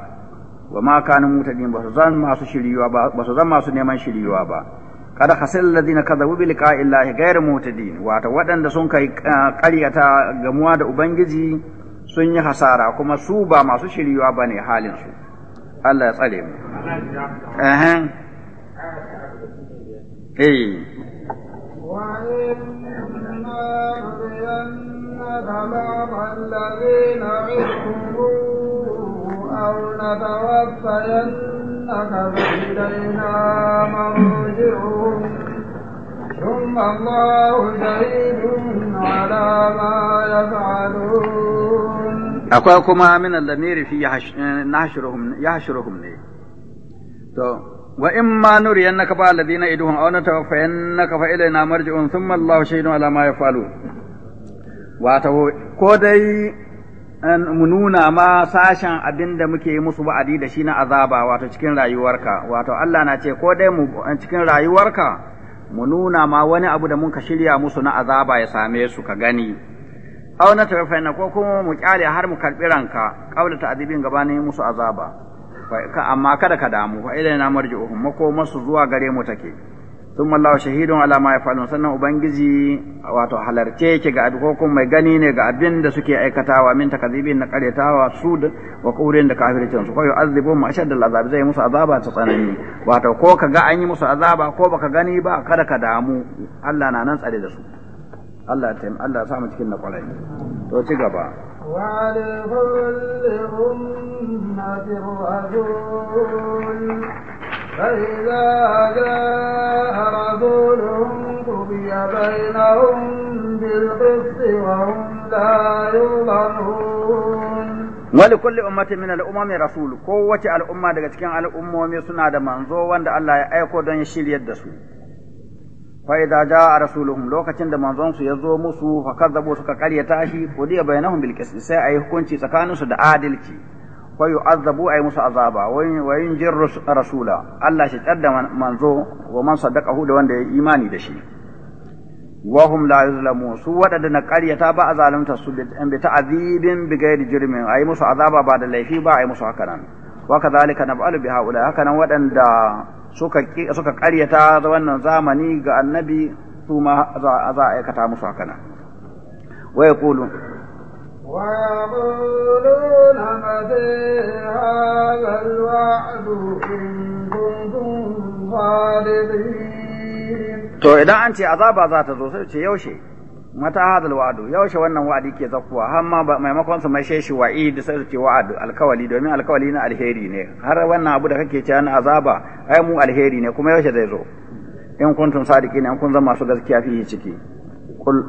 wa ma kanu mutadin ba zan masu shiriyuwa ba ba su zan masu neman shiriyuwa ba kada khasir alladhina kadhabu bil liqa'i llahi ghayr mutadin wato wadanda sun kai qaryata ah, gamuwa da ubangiji sun yi hasara kuma su ba masu shiriyuwa bane halin su Allah اها اي mu eh eh الذين عشتموا أو نتوفينك فإلينا مرجعهم ثم الله شهيد على ما يفعلون akwai kuma min al-damiri fi yahshuruhum eh, yahshuruhum ne to wa in ma nuriyannaka ba alladhina iduhum aw natawaffayannaka fa ilayna marji'un thumma Allahu shahidun ala ma yaf'alun wato ko dai an nuna ma sashen abin da muke yi musu ba'adi da shi na azaba wato cikin rayuwarka wato Allah na ce ko dai mu eh, cikin rayuwarka mu nuna ma wani abu da mun ka shirya musu na azaba ya same su ka gani aw na tarfaina ko kuma mu kyale har mu karbi ranka qabla ta'dibin gabanin musu azaba amma kada ka damu fa marji uhum mako masu zuwa gare mu take ثم الله shahidun ala ma يفعلون sannan ubangiji wato halarce ki ga ko kuma mai gani ne ga abin da suke aikatawa min takazibin na karyatawa su da wa kurin da kafircin su koyo azibu ma ashadda azab zai musu azaba ta tsanani wato ko ga an yi musu azaba ko baka gani ba kada ka damu Allah na nan tsare da su Allah ta Allah sa mu cikin na to ci gaba wa li rasul kulli ummatin min al umami rasul kowace al'umma daga cikin al'ummomi suna da manzo wanda Allah ya aiko don shiryar da su fa idza jaa lokacin da manzonsu ya zo musu fa kadzabu suka karyata shi qudiya bainahum bil qist sai ayi hukunci tsakanin su da adalci fa yu'azzabu ay musu azaba wa yunjir rasula Allah shi tsada manzo wa man saddaqahu da wanda ya imani da shi wa hum la yuzlamu su wadanda na karyata ba azalunta su bi ta'dibin bi ghairi jurmin ay musu azaba ba da laifi ba ay musu hakanan wa kadhalika nab'alu bi haula hakanan wadanda suka ƙaryata ta wannan zamani ga annabi su ma za a aikata musu haka nan kulu. Waya kulu na madha in to idan an ce azaba za ta zo sai ce yaushe mata hadal wa'adu yaushe wannan wa'adi ke zakkuwa har ma maimakon su mashe shi wa'idi sai su ce wa'adu alkawali domin alkawali na alheri ne har wannan abu da kake cewa na azaba ai mu alheri ne kuma yaushe zai zo in kuntum sadiqin in kun zama su gaskiya fi ciki kul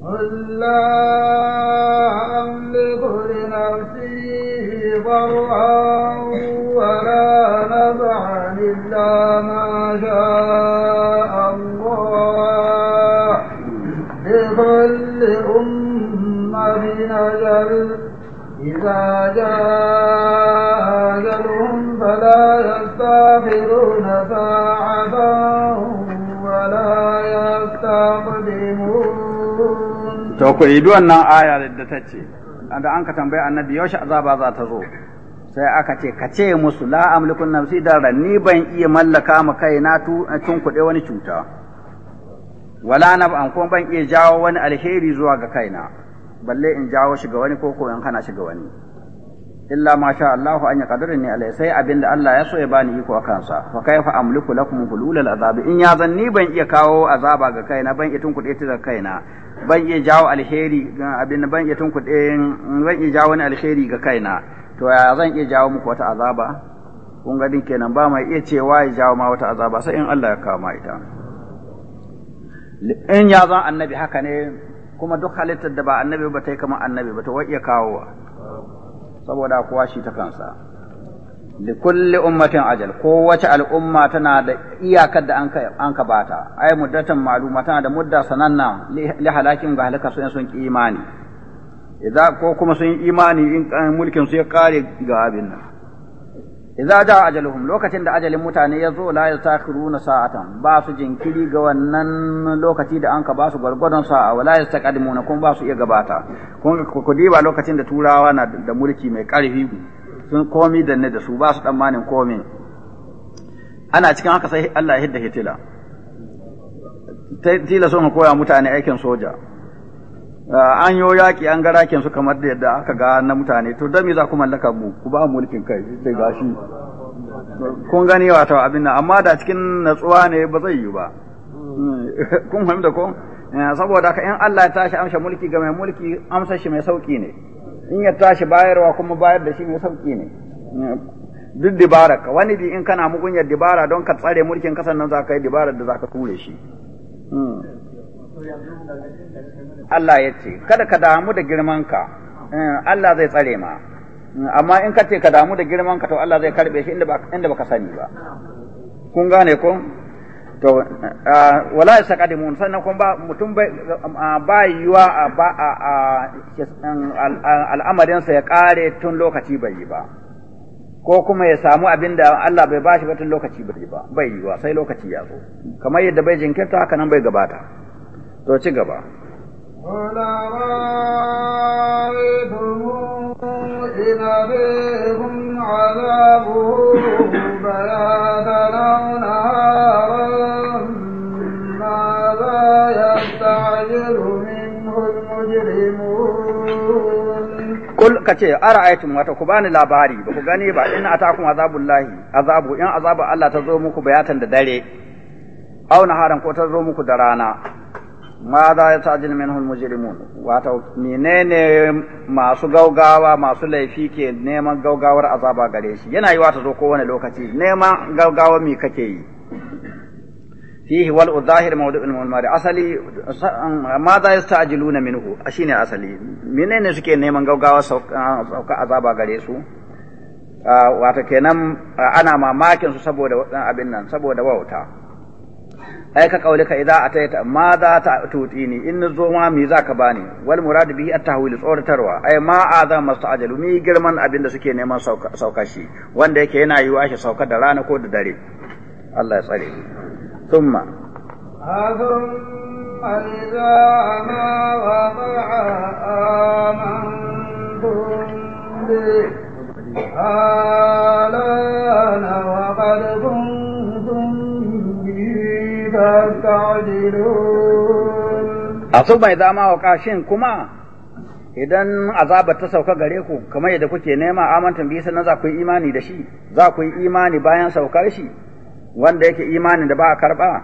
قل أملك لنفسي ضرا ولا نفعا إلا ما شاء الله لكل أمة أجل إذا جاء أجلهم فلا يستغفرون ساعة ولا يستقدمون to ku yi wannan aya da ta ce da an ka tambayi annabi yaushe azaba za ta zo sai aka ce ka ce musu la nafsi da ranni ban iya mallaka ma na tun kuɗe wani cuta wala na an ko ban iya jawo wani alheri zuwa ga kaina balle in jawo shi ga wani ko ko in hana shi ga wani illa ma sha Allahu an yaqdiru ni alai sai abinda Allah ya so ya bani iko a kansa fa kaifa amliku lakum hululal azab in ya zanni ban iya kawo azaba ga kaina ban iya tunkuɗe ta kaina ban iya jawo alheri abin ban iya tunkuɗe ban iya jawo wani alheri ga kaina to ya zan iya jawo muku wata azaba kun ga din kenan ba mai iya cewa ya jawo ma wata azaba sai in Allah ya kama ita in ya zan annabi haka ne kuma duk halittar da ba annabi ba ta yi kamar annabi ba ta wa iya kawowa saboda kuwa shi ta kansa li kulli ummatin ajal kowace al'umma tana da iyakar da an ka bata ai muddatan maluma tana da mudda sananna li halakin ga halaka sun sun imani idan ko kuma sun imani in mulkin su ya kare ga abin nan idza da ajaluhum lokacin da ajalin mutane ya zo la yastakhiruna sa'atan ba su jinkiri ga wannan lokaci da anka ba su sa sa'a wala yastaqdimuna kun ba su iya gabata kun ku diba lokacin da turawa na da mulki mai karfi sun komi da ne da su ba su tsammanin komi ana cikin haka sai Allah ya hidda hitila tila ka koya mutane aikin soja Ah, an yi yaƙi an ga rakin su kamar da yadda aka ga na mutane to dan me za ku mallaka mu ku ba mulkin kai sai gashi kun gani wato abin nan amma da cikin natsuwa ne ba zai yi ba hmm. kun fahimta ko eh, saboda ka in Allah ya tashi amsa mulki ga mai mulki amsa shi mai sauki ne in ya tashi bayarwa kuma bayar da shi mai sauki ne hmm. duk dibara ka wani bi in kana mugunyar dibara don ka tsare mulkin kasan nan za ka yi dibara da za ka ture shi hmm. Allah ya ce kada ka damu da girmanka eh, Allah zai tsare ma amma in ka ce ka damu da girmanka to Allah zai karbe shi inda ba ka sani ba kun gane ko to eh, wala isa saka mun sannan kun ba mutum eh, ba yiwa al'amarinsa ya kare tun lokaci bai yi ba ko kuma ya samu abin da Allah bai bashi ba tun lokaci bai yi ba bai yiwa sai lokaci ya zo kamar yadda bai jinkirta haka nan bai gabata to ci gaba. Kul ka ce, A wata ku bani labari, ba ku gani ba, in atakun azabun lahi, azabu, in azabun Allah ta zo muku bayatan da dare, auna haran ko ta zo muku da rana. ma za ya sajil minhul mujrimun wato menene masu gaugawa masu laifi ke neman gaugawar azaba gare shi yana yi wata zo kowane lokaci neman gaugawa mi kake yi fihi wal udhahir mawdu'ul mulmari asali ma za yastajiluna minhu shine asali menene suke neman gaugawa sauka azaba gare su wato kenan ana mamakin su saboda abin nan saboda wauta ai ka kaulika idza ataita ma za ta tutini in zo ma mi za ka bani wal murad bihi at tahwil tsoratarwa ai ma aza mastajalu mi girman abin da suke neman sauka shi wanda yake yana yiwa shi sauka da rana ko da dare Allah ya tsare thumma ma wa وضع آمنتم bi, قال أنا wa كنتم a su bai zama wa kashin kuma idan azaba ta sauka gare ku kamar yadda kuke nema amantan biyu sannan za ku yi imani da shi za ku yi imani bayan saukar shi wanda yake imani da ba a karba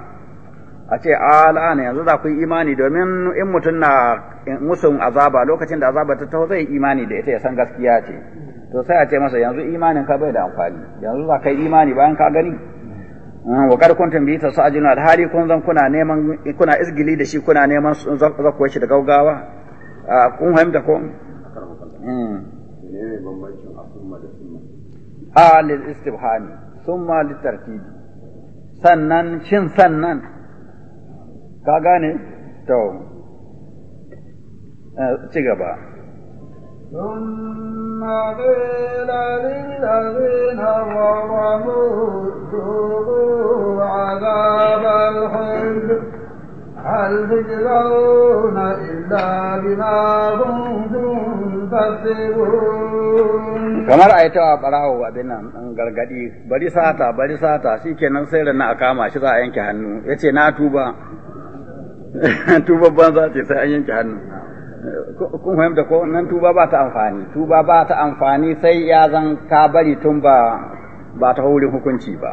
a ce al'ana yanzu za ku yi imani domin in mutum na musun azaba lokacin da azaba ta taho zai imani da ita ya san gaskiya ce to sai a ce masa yanzu imanin ka bai da amfani yanzu za ka yi imani bayan ka gani Mm, wa kar kuntum bi tasajun alhali kun zan kuna neman kuna izgili da shi kuna neman zakuwa shi da gaugawa kun fahimta ko mm. a lil istibhami summa lil tartibi sannan shin sannan ka gane to eh, ci gaba ثم قيل للذين ظلموا عذاب الخلد هل تجزون إلا بما كنتم تكسبون kamar a yi barawo abin nan gargadi bari sata bari sata shi kenan sai da na a kama shi za a yanke hannu ya ce na tuba tuba ban za ce sai an yanke hannu kun fahimta ko nan tuba ba ta amfani tuba ba ta amfani sai ya zan ka bari tun ba ba ta wurin hukunci ba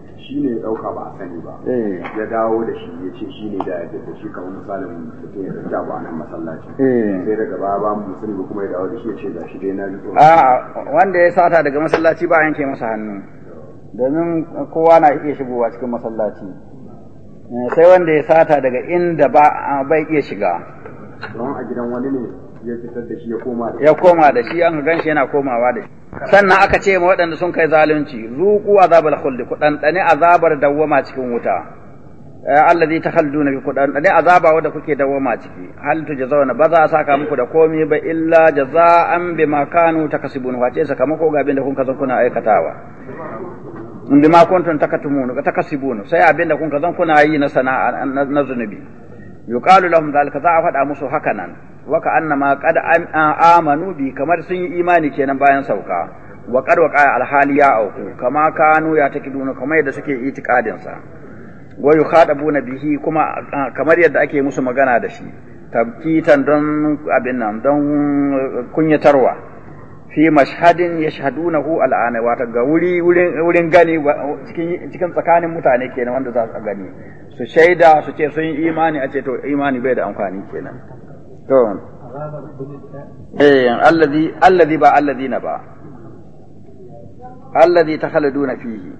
shi ne ɗauka ba a sani ba eh. ya dawo da shi ya ce shi ne da ya da shi kamar misalin mutum ya tsaya ba nan masallaci eh. sai daga ba ba mu sani ba kuma ya dawo da shi ya ce za shi dai na rito a ah, wanda ya sata daga masallaci ba yanke masa hannu domin kowa na iya shigowa cikin masallaci eh, sai wanda ya sata daga inda ba bai iya shiga don a gidan wani ne ya fitar da shi ya koma da shi ya koma da shi an ganshi yana komawa da shi sannan aka ce ma waɗanda sun kai zalunci zuku azabal khuld ku dane azabar dawwama cikin wuta eh, allazi takhalduna bi ku dane azaba wanda kuke dawwama ciki hal tujzauna ba za a saka muku da komai ba illa jaza'an bima kanu takasibun wace sakamako ga abin da kun kaza kuna aikatawa bima kuntum takatumun takasibun sai abin da kun kaza kuna yi na sana'a na zunubi yuqalu lahum zalika za a faɗa musu haka nan wa ka annama qad amanu bi kamar sun yi imani kenan bayan sauka wa qad waqa alhali ya auku kama kanu ya takiduna kamar yadda suke itikadin sa wa yukhadabuna bihi kuma kamar yadda ake musu magana da shi tabkitan don abin nan don eh, kunyatarwa fi mashhadin yashhadunahu al'ana wata ga wuri wurin gani cikin cikin tsakanin mutane kenan wanda za su gani su shaida su ce sun yi imani a ce to imani bai da amfani kenan to eh allazi allazi ba allazina ba allazi takhaluduna fihi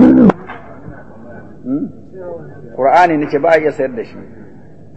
hmm? Qur'ani nace ba a iya sayar da shi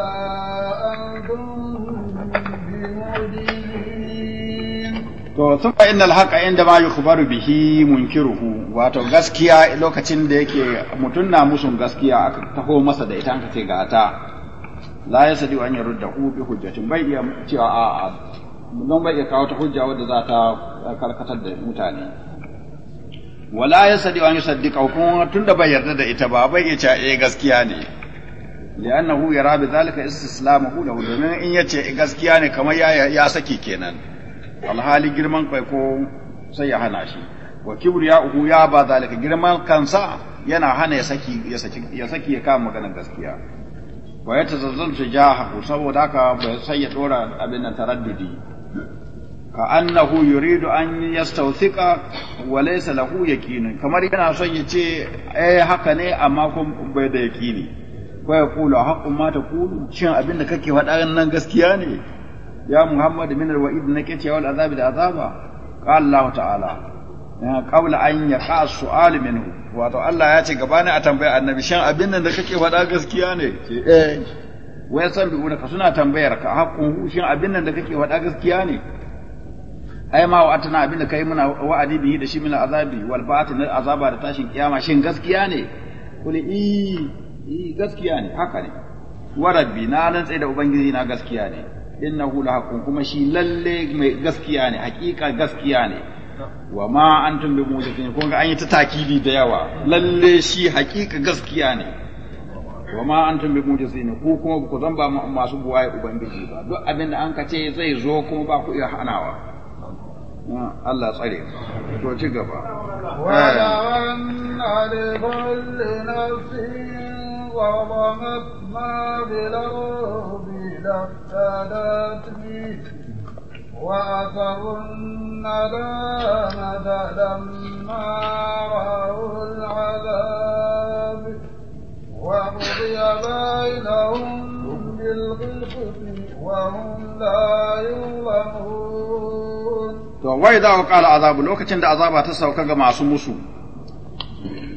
ما أنتم To, suna inna alhaka inda ma yukhbaru bihi munkiruhu wato gaskiya lokacin da yake mutun na musun gaskiya aka taho masa da ita an kace ga ta la ya sadi an yarda hu bi hujjatin bai iya cewa a a mun bai iya kawo ta hujja wadda za ta karkatar da mutane wala ya sadi an yusaddiqa kuma tunda bai yarda da ita ba bai iya cewa eh gaskiya ne li'annahu yara bi zalika istislamuhu lahu domin in yace gaskiya ne kamar ya saki kenan alhali girman kai ko sai ya hana shi wa kibriya uhu ya ba girman kansa yana hana ya saki ya saki ya saki ya kama maganar gaskiya wa ya tazazzal tijahu saboda haka sai ya dora abin nan taraddudi ka annahu yuridu an yastawthika wa laysa lahu yaqin kamar yana son ya ce eh haka ne amma kuma bai da yaqini Kulu, a haqqun ma Kulu, shin abin da kake faɗa nan gaskiya ne ya Muhammadu, min alwa'id nake cewa al'azabi da azaba qala allah ta'ala qabla an yaqa su'al minhu wato allah ya ce gabani a tambaya annabi shin abin nan da kake faɗa gaskiya ne ce eh wa yasaluna ka suna tambayar ka haqqun shin abin nan da kake faɗa gaskiya ne ai ma Atana abin da kai muna wa'adi bihi da shi min azabi wal na azaba da tashin kiyama shin gaskiya ne kuli Eh, gaskiya ne haka ne wa rabbi na nan tsaye da ubangiji na gaskiya ne hula lahaqqun kuma shi lalle mai gaskiya ne haƙiƙa gaskiya ne wa ma antum bi mujizin kun ga an yi ta takidi da yawa lalle shi haƙiƙa gaskiya ne wa ma antum bi ne ku kuma ku zan ba masu buwaye ubangiji ba duk abin da an ka ce zai zo kuma ba ku iya hanawa ah, Allah tsare to ci gaba wa وضمت ما بالأرض لافتدت به وأثروا الندامة لما رأوا العذاب وقضي بينهم بالقسط وهم لا يظلمون. To wai da wa ƙara azabu lokacin da azaba ta sauka ga masu musu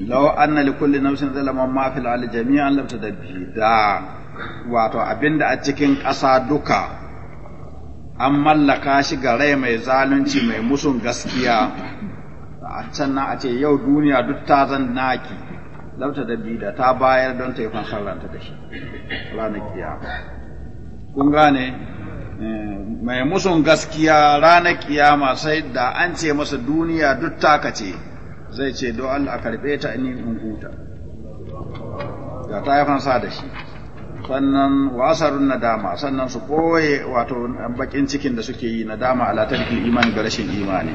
law anna li kulli nafsin zalama ma fil al jami'an lam tadabbi da wato abinda a cikin ƙasa duka an mallaka shi ga rai mai zalunci mai musun gaskiya a can na a ce yau duniya duk ta zan naki lafta da bida ta bayar don ta yi fansar ranta da shi ranar kiyama kun gane mai musun gaskiya ranar kiyama sai da an ce masa duniya duk ta ce zai ce don Allah a karɓe ta ni in huta ga ta yi fansa da shi sannan wasarun nadama sannan su koye wato bakin cikin da suke yi nadama ala tarkil imani ga rashin imani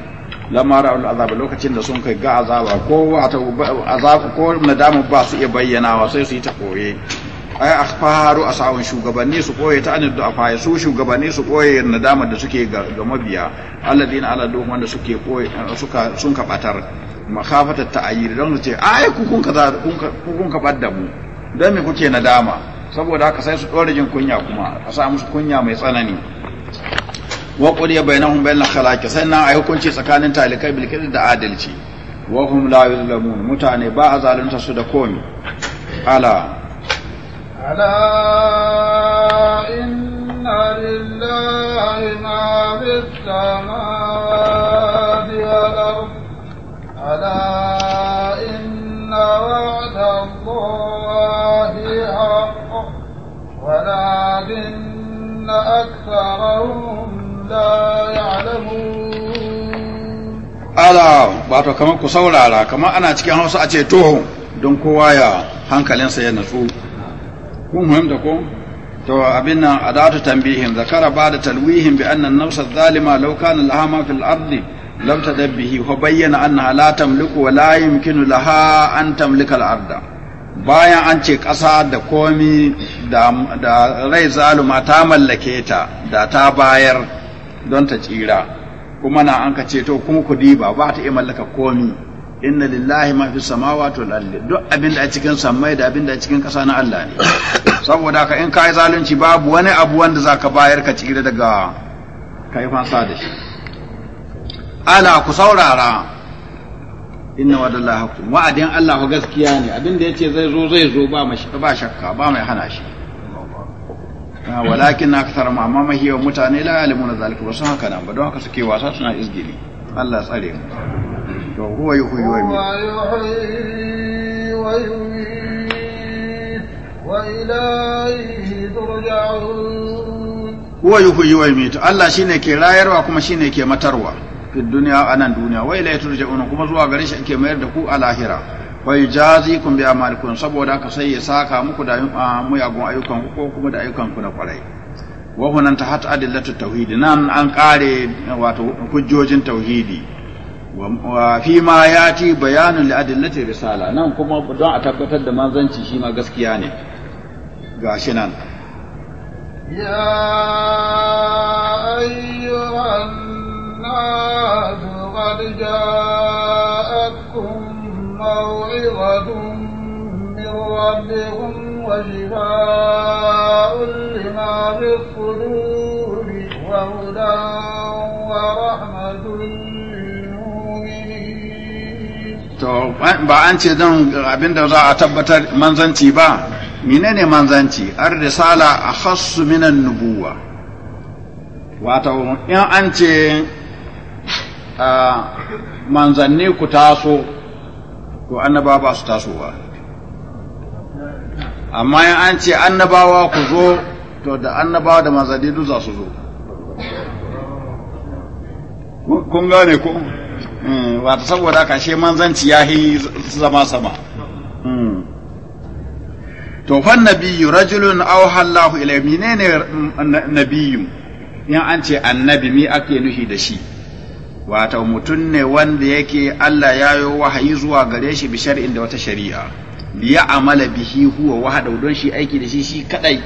lamara ra'ul azaba lokacin da sun kai ga azaba ko wato azab ko nadama ba su iya bayyanawa sai su yi ta koye ai a asawun shugabanni su koye ta a faye su shugabanni su koye nadama da suke ga mabiya alladina ala wanda suke koye suka sun kabatar makafata ta'ayyir don su ce ai ku ka badda mu don me kuke na dama saboda haka sai su ɗora jin kunya kuma a sa musu kunya mai tsanani wa qul ya bainahum bainal khalaqi sannan ai hukunci tsakanin talikai bilkiri da adalci wa hum la yuzlamun mutane ba a zalunta su da komi ala ala inna ألا إن وعد الله حق ولكن أكثرهم لا يعلمون ألا باتو كمان كسول على كما أنا أتكي هنوسا أتيتوه don kowa ya hankalinsa ya natsu kun muhimta ko to abin nan adatu tanbihim zakara ba da talwihim bi anna nafsa zalima law kana laha ma fil ardi lam tadab wa bayyana annaha la tamliku wa la yumkinu laha an tamlika al-arda bayan an ce ƙasa da komi da, rai zaluma ta mallake ta da ta bayar don ta tsira kuma na an ka ce to kuma ku diba ba ta iya mallaka komi inna lillahi ma fi samawati duk abin da a cikin samai da abin da a cikin ƙasa na Allah ne saboda ka in kai zalunci babu wani abu wanda zaka bayar ka tsira daga kai fansa da shi ala ku saurara inna wadallahi haqqun wa'adin Allah gaskiya ne abin da yace zai zo zai zo ba ba shakka ba mai hana shi ah, walakin akthar ma amma mahiya mutane la yalimuna zalika ba su haka nan ba don haka suke wasa suna izgili Allah tsare mu to huwa yuhyi wa yumiit wa ilayhi turja'un huwa yuhyi wa yumiit Allah shine ke rayarwa kuma shine ke matarwa fi duniya anan duniya wai la una kuma zuwa gare shi ake mayar da ku a lahira wa yujazikum bi amalikum saboda ka sai ya saka muku da muyagun ayyukan ku ko kuma da ayyukan ku na kwarai wa hunan tahat adillatu tauhid nan an kare wato hujjojin tauhidi wa fi ma yati bayanun li adillati risala nan kuma don a tabbatar da manzanci shi ma gaskiya ne gashi nan يا ayyuha قد جاءتكم موعظة من ربكم وشفاء لما في الصدور وهدى ورحمة To, ba an ce don abinda za a tabbatar manzanci ba, mine ne manzanci, ar risala a hassu minan nubuwa. Wato, in an ce manzanni ku taso to annabawa ba su ba amma in an ce annabawa ku zo to da annabawa da manzanni duk za su zo kun gane ko hmm, wata saboda kashe manzanci ya yi zama sama hmm. to fan nabiyyu rajulun aw hallahu ilayhi menene nabiyyu in an ce annabi mi ake nuhi da shi wato mutum ne wanda yake Allah ya yi wahayi zuwa gare shi bi inda wata shari'a liya amala bihi huwa wahada don shi aiki da shi shi kaɗai.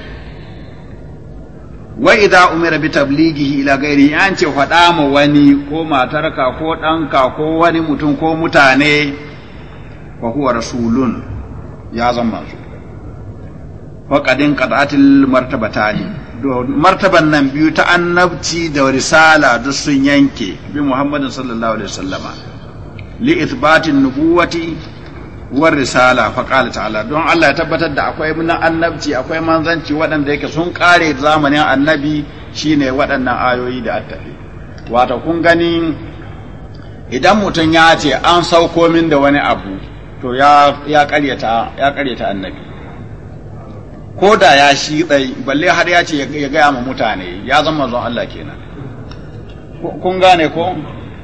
wa idza umira bi tablighihi ila ghairi an ce fada ma wani ko matarka ko ɗanka ko wani mutum ko mutane wa huwa rasulun ya zama su faqadin qad'atil martabatani martaban nan biyu ta annabci da risala duk sun yanke bi Muhammadin sallallahu alaihi wasallama li ithbatin nubuwati war risala fa qala ta'ala don Allah ya tabbatar da akwai mun annabci akwai manzanci waɗanda yake sun kare zamanin annabi shine waɗannan ayoyi da attafi wato kun gani idan mutum ya ce an sauko min da wani abu to ya ya ƙaryata ya ƙaryata annabi ko da ya shi tsaye balle har ya ce ya gaya ma mutane ya zama zon Allah kenan kun gane ko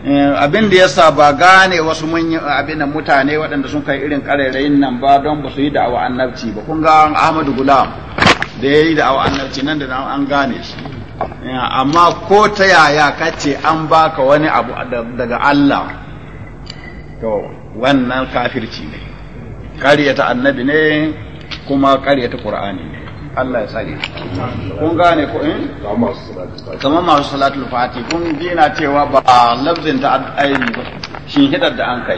eh, abin da yasa ba gane wasu manyan abin mutane waɗanda sun kai irin ƙarairayin nan ba don ba su yi da'awa annabci ba kun ga Ahmadu Gulam da ya yi da'awa annabci nan da an gane shi eh, amma ko ta yaya kace an baka wani abu daga Allah to wannan kafirci ne kariyata annabi ne kuma ƙaryata qur'ani ne Allah ya kun gane ko in eh? kamar masu salatul fati kun dina cewa ba lafzin ta aini ba shin hidar da an kai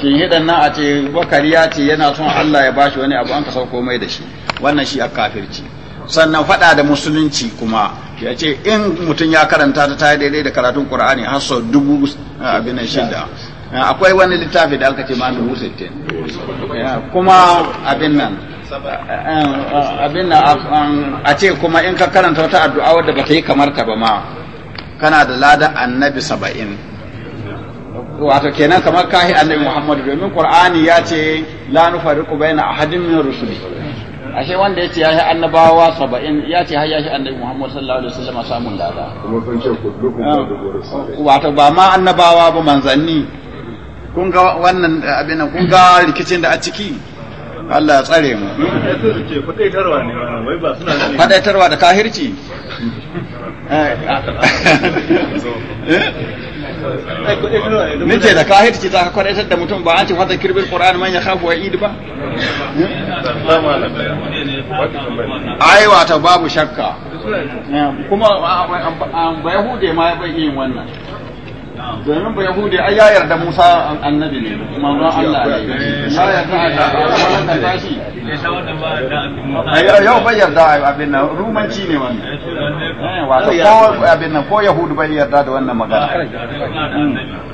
shin hidar na a ce bakari ya ce yana son Allah ya bashi wani abu an ka sauko mai da shi wannan shi a kafirci sannan faɗa da musulunci kuma ya ce in mutum ya karanta ta ta daidai da karatun qur'ani har sau dubu abin shida akwai wani littafi da aka ce ma dubu sittin kuma abin nan abin um, um, a ce kuma in ka karanta wata addu'a wadda ba ta yi kamar ta ba ma kana da ladan annabi saba'in wato kenan kamar kahi annabi muhammadu domin qur'ani ya ce la nufariqu baina ahadin min rusuli ashe wanda ya ce ya yi annabawa saba'in ya ce har ya annabi Muhammadu sallallahu alaihi wasallam samun lada. Um, wato ba ma annabawa ba manzanni kun ga wannan abin kun ga rikicin da a ciki Allah ya tsare mu faɗaitarwa da kahirci Nike da kahirci za ka kwadaitar da mutum ba a ce fata kirbin Qur'an manya kafu wa id ba? Aiwa ta babu shakka. Kuma ba Yahude ma ya yin wannan. domin ba yahudi ai ya yarda musa annabi ne ba. allah ne ya yarda a ta tashi yau bai yarda abin nan rumanci ne wannan eh, wato ko abin nan ko yahudu bai yarda da wannan magana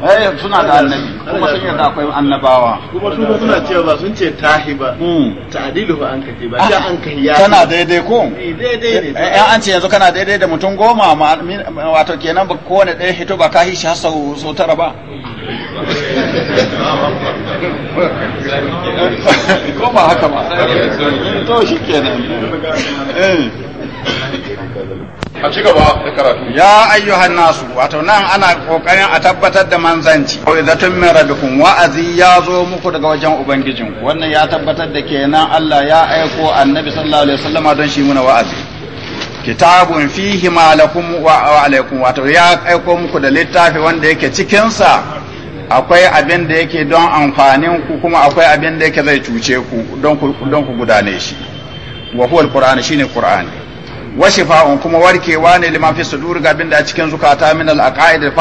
eh, eh suna da annabi kuma sun yarda akwai annabawa kuma su suna cewa ba sun ce tahi ba hmm. ta'dilu ba an kace ba ya an kai ya kana daidai ko eh, daidai ne an ce yanzu kana daidai da mutum goma wato kenan ba kowane ɗaya hito ba ka hishi hasa sau so tara ba ko haka ba to shi kenan eh. a ci gaba da karatu ya ayyuhan nasu wato nan ana kokarin a tabbatar da manzanci ko tun wa'azi ya zo muku daga wajen ubangijin wannan ya tabbatar da kenan Allah ya aiko annabi sallallahu alaihi wasallama don shi muna wa'azi kitabun fihi ma wa alaikum wato ya aiko muku da littafi wanda yake cikin sa akwai abin da yake don amfanin ku kuma akwai abin da yake zai cuce ku don ku don ku gudane shi wa huwa alquran shine qur'an wa shifa'un kuma warkewa ne liman fi sudur ga abin da a cikin zukata min al aqaid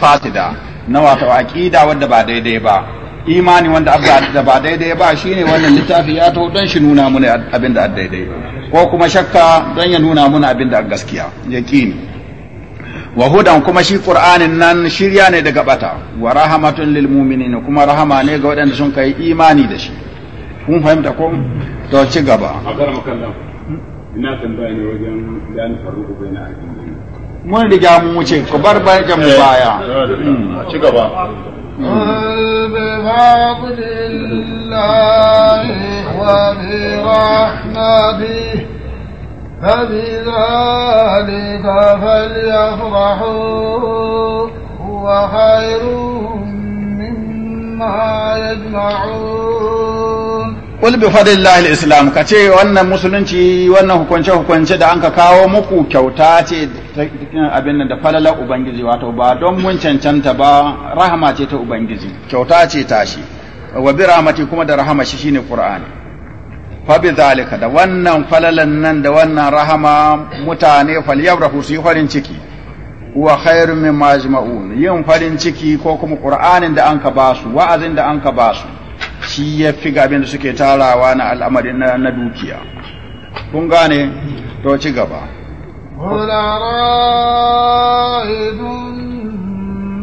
fasida na wato aqida wanda ba daidai ba imani wanda abu da ba daidai ba shine wannan littafi ya taho don shi nuna muna abin da daidai ko kuma shakka don ya nuna muna abin da gaskiya yaqini wa wahudan kuma shi qur'anin nan shirya ne daga bata wa rahamatun lil mu'minin kuma rahama ne ga waɗanda sun kai imani da shi kun fahimta ko to ci gaba ina tambaya ne wajen mun riga mu wuce ku bar bayan eh. baya ci gaba قل بفضل الله وبرحمته فبذلك فليفرحوا هو خير عما يجمعون قل بفضل islam. الإسلام wannan musulunci wannan hukunce hukunce da an ka kawo muku kyauta ce abin da falala ubangiji wato ba don mun cancanta ba rahama ce ta ubangiji kyauta ce tashi wa bi rahmati kuma da rahama shi shine qur'ani fa bi zalika da wannan falalan nan da wannan rahama mutane falyabrahu su yi farin ciki wa khairu min majma'un yin farin ciki ko kuma qur'anin da anka su, wa'azin da anka su, shi ya fi ga abin da suke tarawa na al'amari na dukiya kun gane to ci gaba قل أرأيتم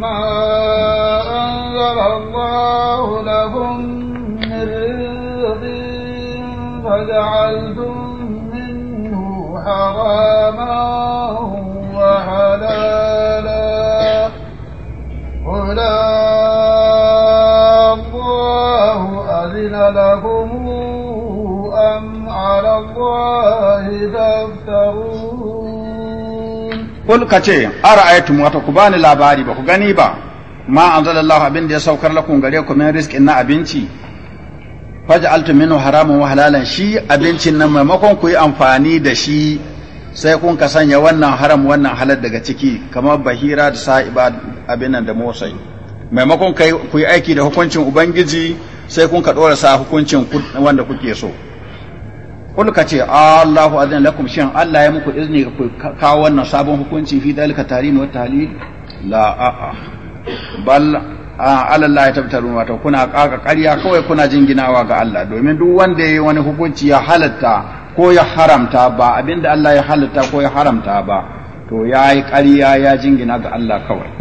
ما kul ka ce ara'aytum wata ku bani labari ba ku gani ba ma anzalallahu abin da ya saukar ku gare ku min rizqin na abinci faj'altu minhu haramun wa halalan shi abincin nan maimakon ku yi amfani da shi sai kun ka sanya wannan haram wannan halal daga ciki kamar bahira da sa'iba abin nan da motsai maimakon ku yi aiki da hukuncin ubangiji sai kun ka dora sa hukuncin wanda kuke so kul ka ce Allahu azan lakum shin Allah ya muku izini ku kawo wannan sabon hukunci fi dalika tarim wa tahlil la a a bal ala Allah ya mu wato kuna kaka ƙarya kawai kuna jinginawa ga Allah domin duk wanda yayi wani hukunci ya halatta ko ya haramta ba abinda Allah ya halatta ko ya haramta ba to yayi ƙarya ya jingina ga Allah kawai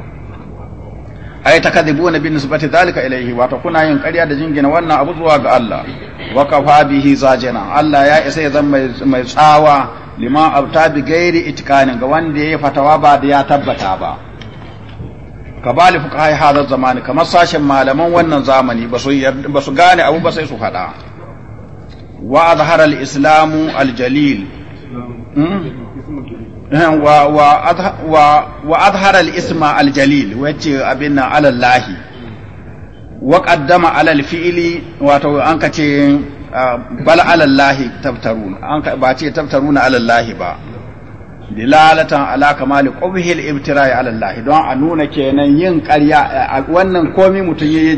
ai takadibuna bin nisbati dalika ilayhi wato kuna yin ƙarya da jingina wannan abu zuwa ga Allah wakafa kafa bihi zajina Allah ya isa ya zama mai tsawa liman abta bi gairi itikanin ga wanda ya fatawa ba da ya tabbata ba ka fuka fuqahai hadar zamani kamar sashen malaman wannan zamani ba su gane abu ba sai su faɗa wa azhara al-islamu al-jalil hmm? eh, wa al-isma al-jalil wace abin nan alallahi Waƙaddama alal fi'ili wato an ka ce bal alallahi tabtaruna an ba ce tabtaruna alallahi ba dilalatan ala kamali qubhil ibtira'i alallahi don a nuna kenan yin ƙarya wannan komi mutum ya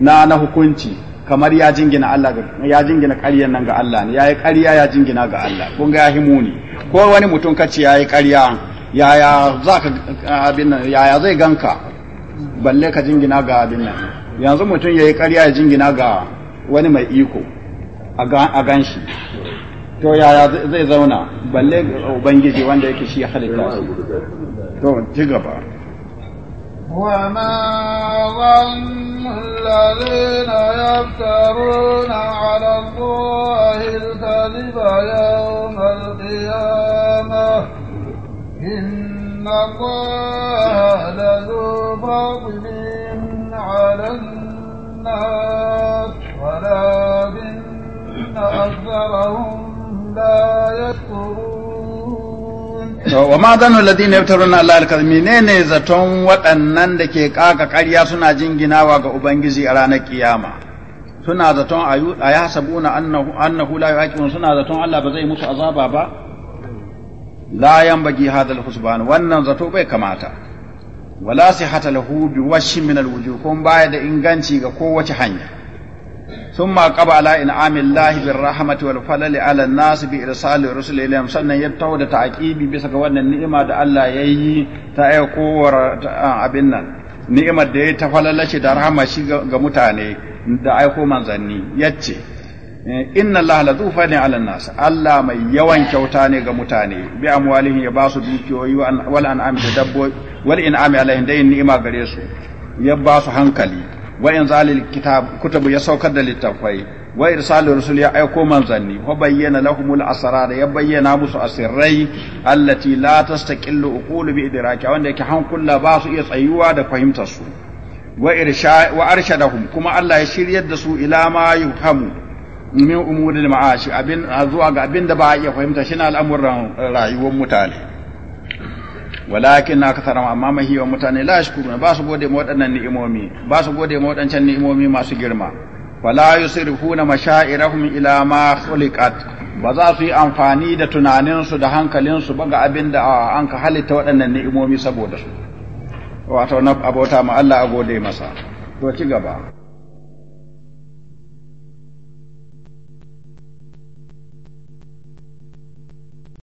na na hukunci kamar ya jingina Allah ga ya jingina ƙaryan nan ga Allah ne yayi ƙarya ya jingina ga Allah kun ga himu muni ko wani mutum kace yayi ƙarya yaya zaka abin nan yaya zai ganka balle ka jingina ga abin nan yanzu mutum ya yi ƙarya ya jingina ga wani mai iko a gan shi to yaya zai zauna balle ubangiji wanda yake shi halitta su to ci gaba وما ظن الذين يفترون على الله الكذب يوم القيامة إن الله لذو فضل على الناس ولكن أكثرهم لا يشكرون وما ظن الذين يفترون على الكذب منين zaton waɗannan da ke ƙaƙa ƙarya suna jin ginawa ga Ubangiji a ranar kiyama suna zaton a ya sabuna annahu la yu'aqibun suna zaton Allah ba zai musu azaba ba la yanbaghi hadha al-husban wannan zato bai kamata wala hata lahu bi washin min alwujuh ko baya da inganci ga kowace hanya thumma qaba ala in'amil lahi bir rahmati wal falali ala nas bi irsal rusul ilayhim sannan ya tawo da ta'qibi bisa ga wannan ni'ima da Allah yayi ta kowar abin nan ni'imar da ya ta falalace da rahama shi ga mutane da aiko manzanni yace inna allaha la zufani ala nas Allah mai yawan kyauta ne ga mutane bi amwalihi ya basu dukiyoyi wal an'am da dabbobi wal in'ami alaihim da ni'ima gare su ya ba su hankali wa inzalil kitab kutubu ya saukar da littafai wa irsalur rusul ya aiko manzanni wa bayyana lahumul asrar ya bayyana musu asirrai allati la tastaqillu uqulu bi idraki wanda yake hankula ba su iya tsayuwa da fahimtar su wa irsha wa arshadahum kuma Allah ya shiryar da su ila ma yuhamu min umuril ma'ashi abin zuwa ga abin da ba a iya fahimta shi na al'amuran rayuwar mutane walakin na kasara amma mahiwa mutane la shukuru ba su gode ma waɗannan ni'imomi ba su gode ma waɗancan ni'imomi masu girma wala yusrifuna mashaa'irahum ila ma khuliqat ba za su yi amfani da tunaninsu da hankalinsu ba ga abin da ah, an ka halitta waɗannan ni'imomi saboda su wato na abota ma Allah a gode masa to ci gaba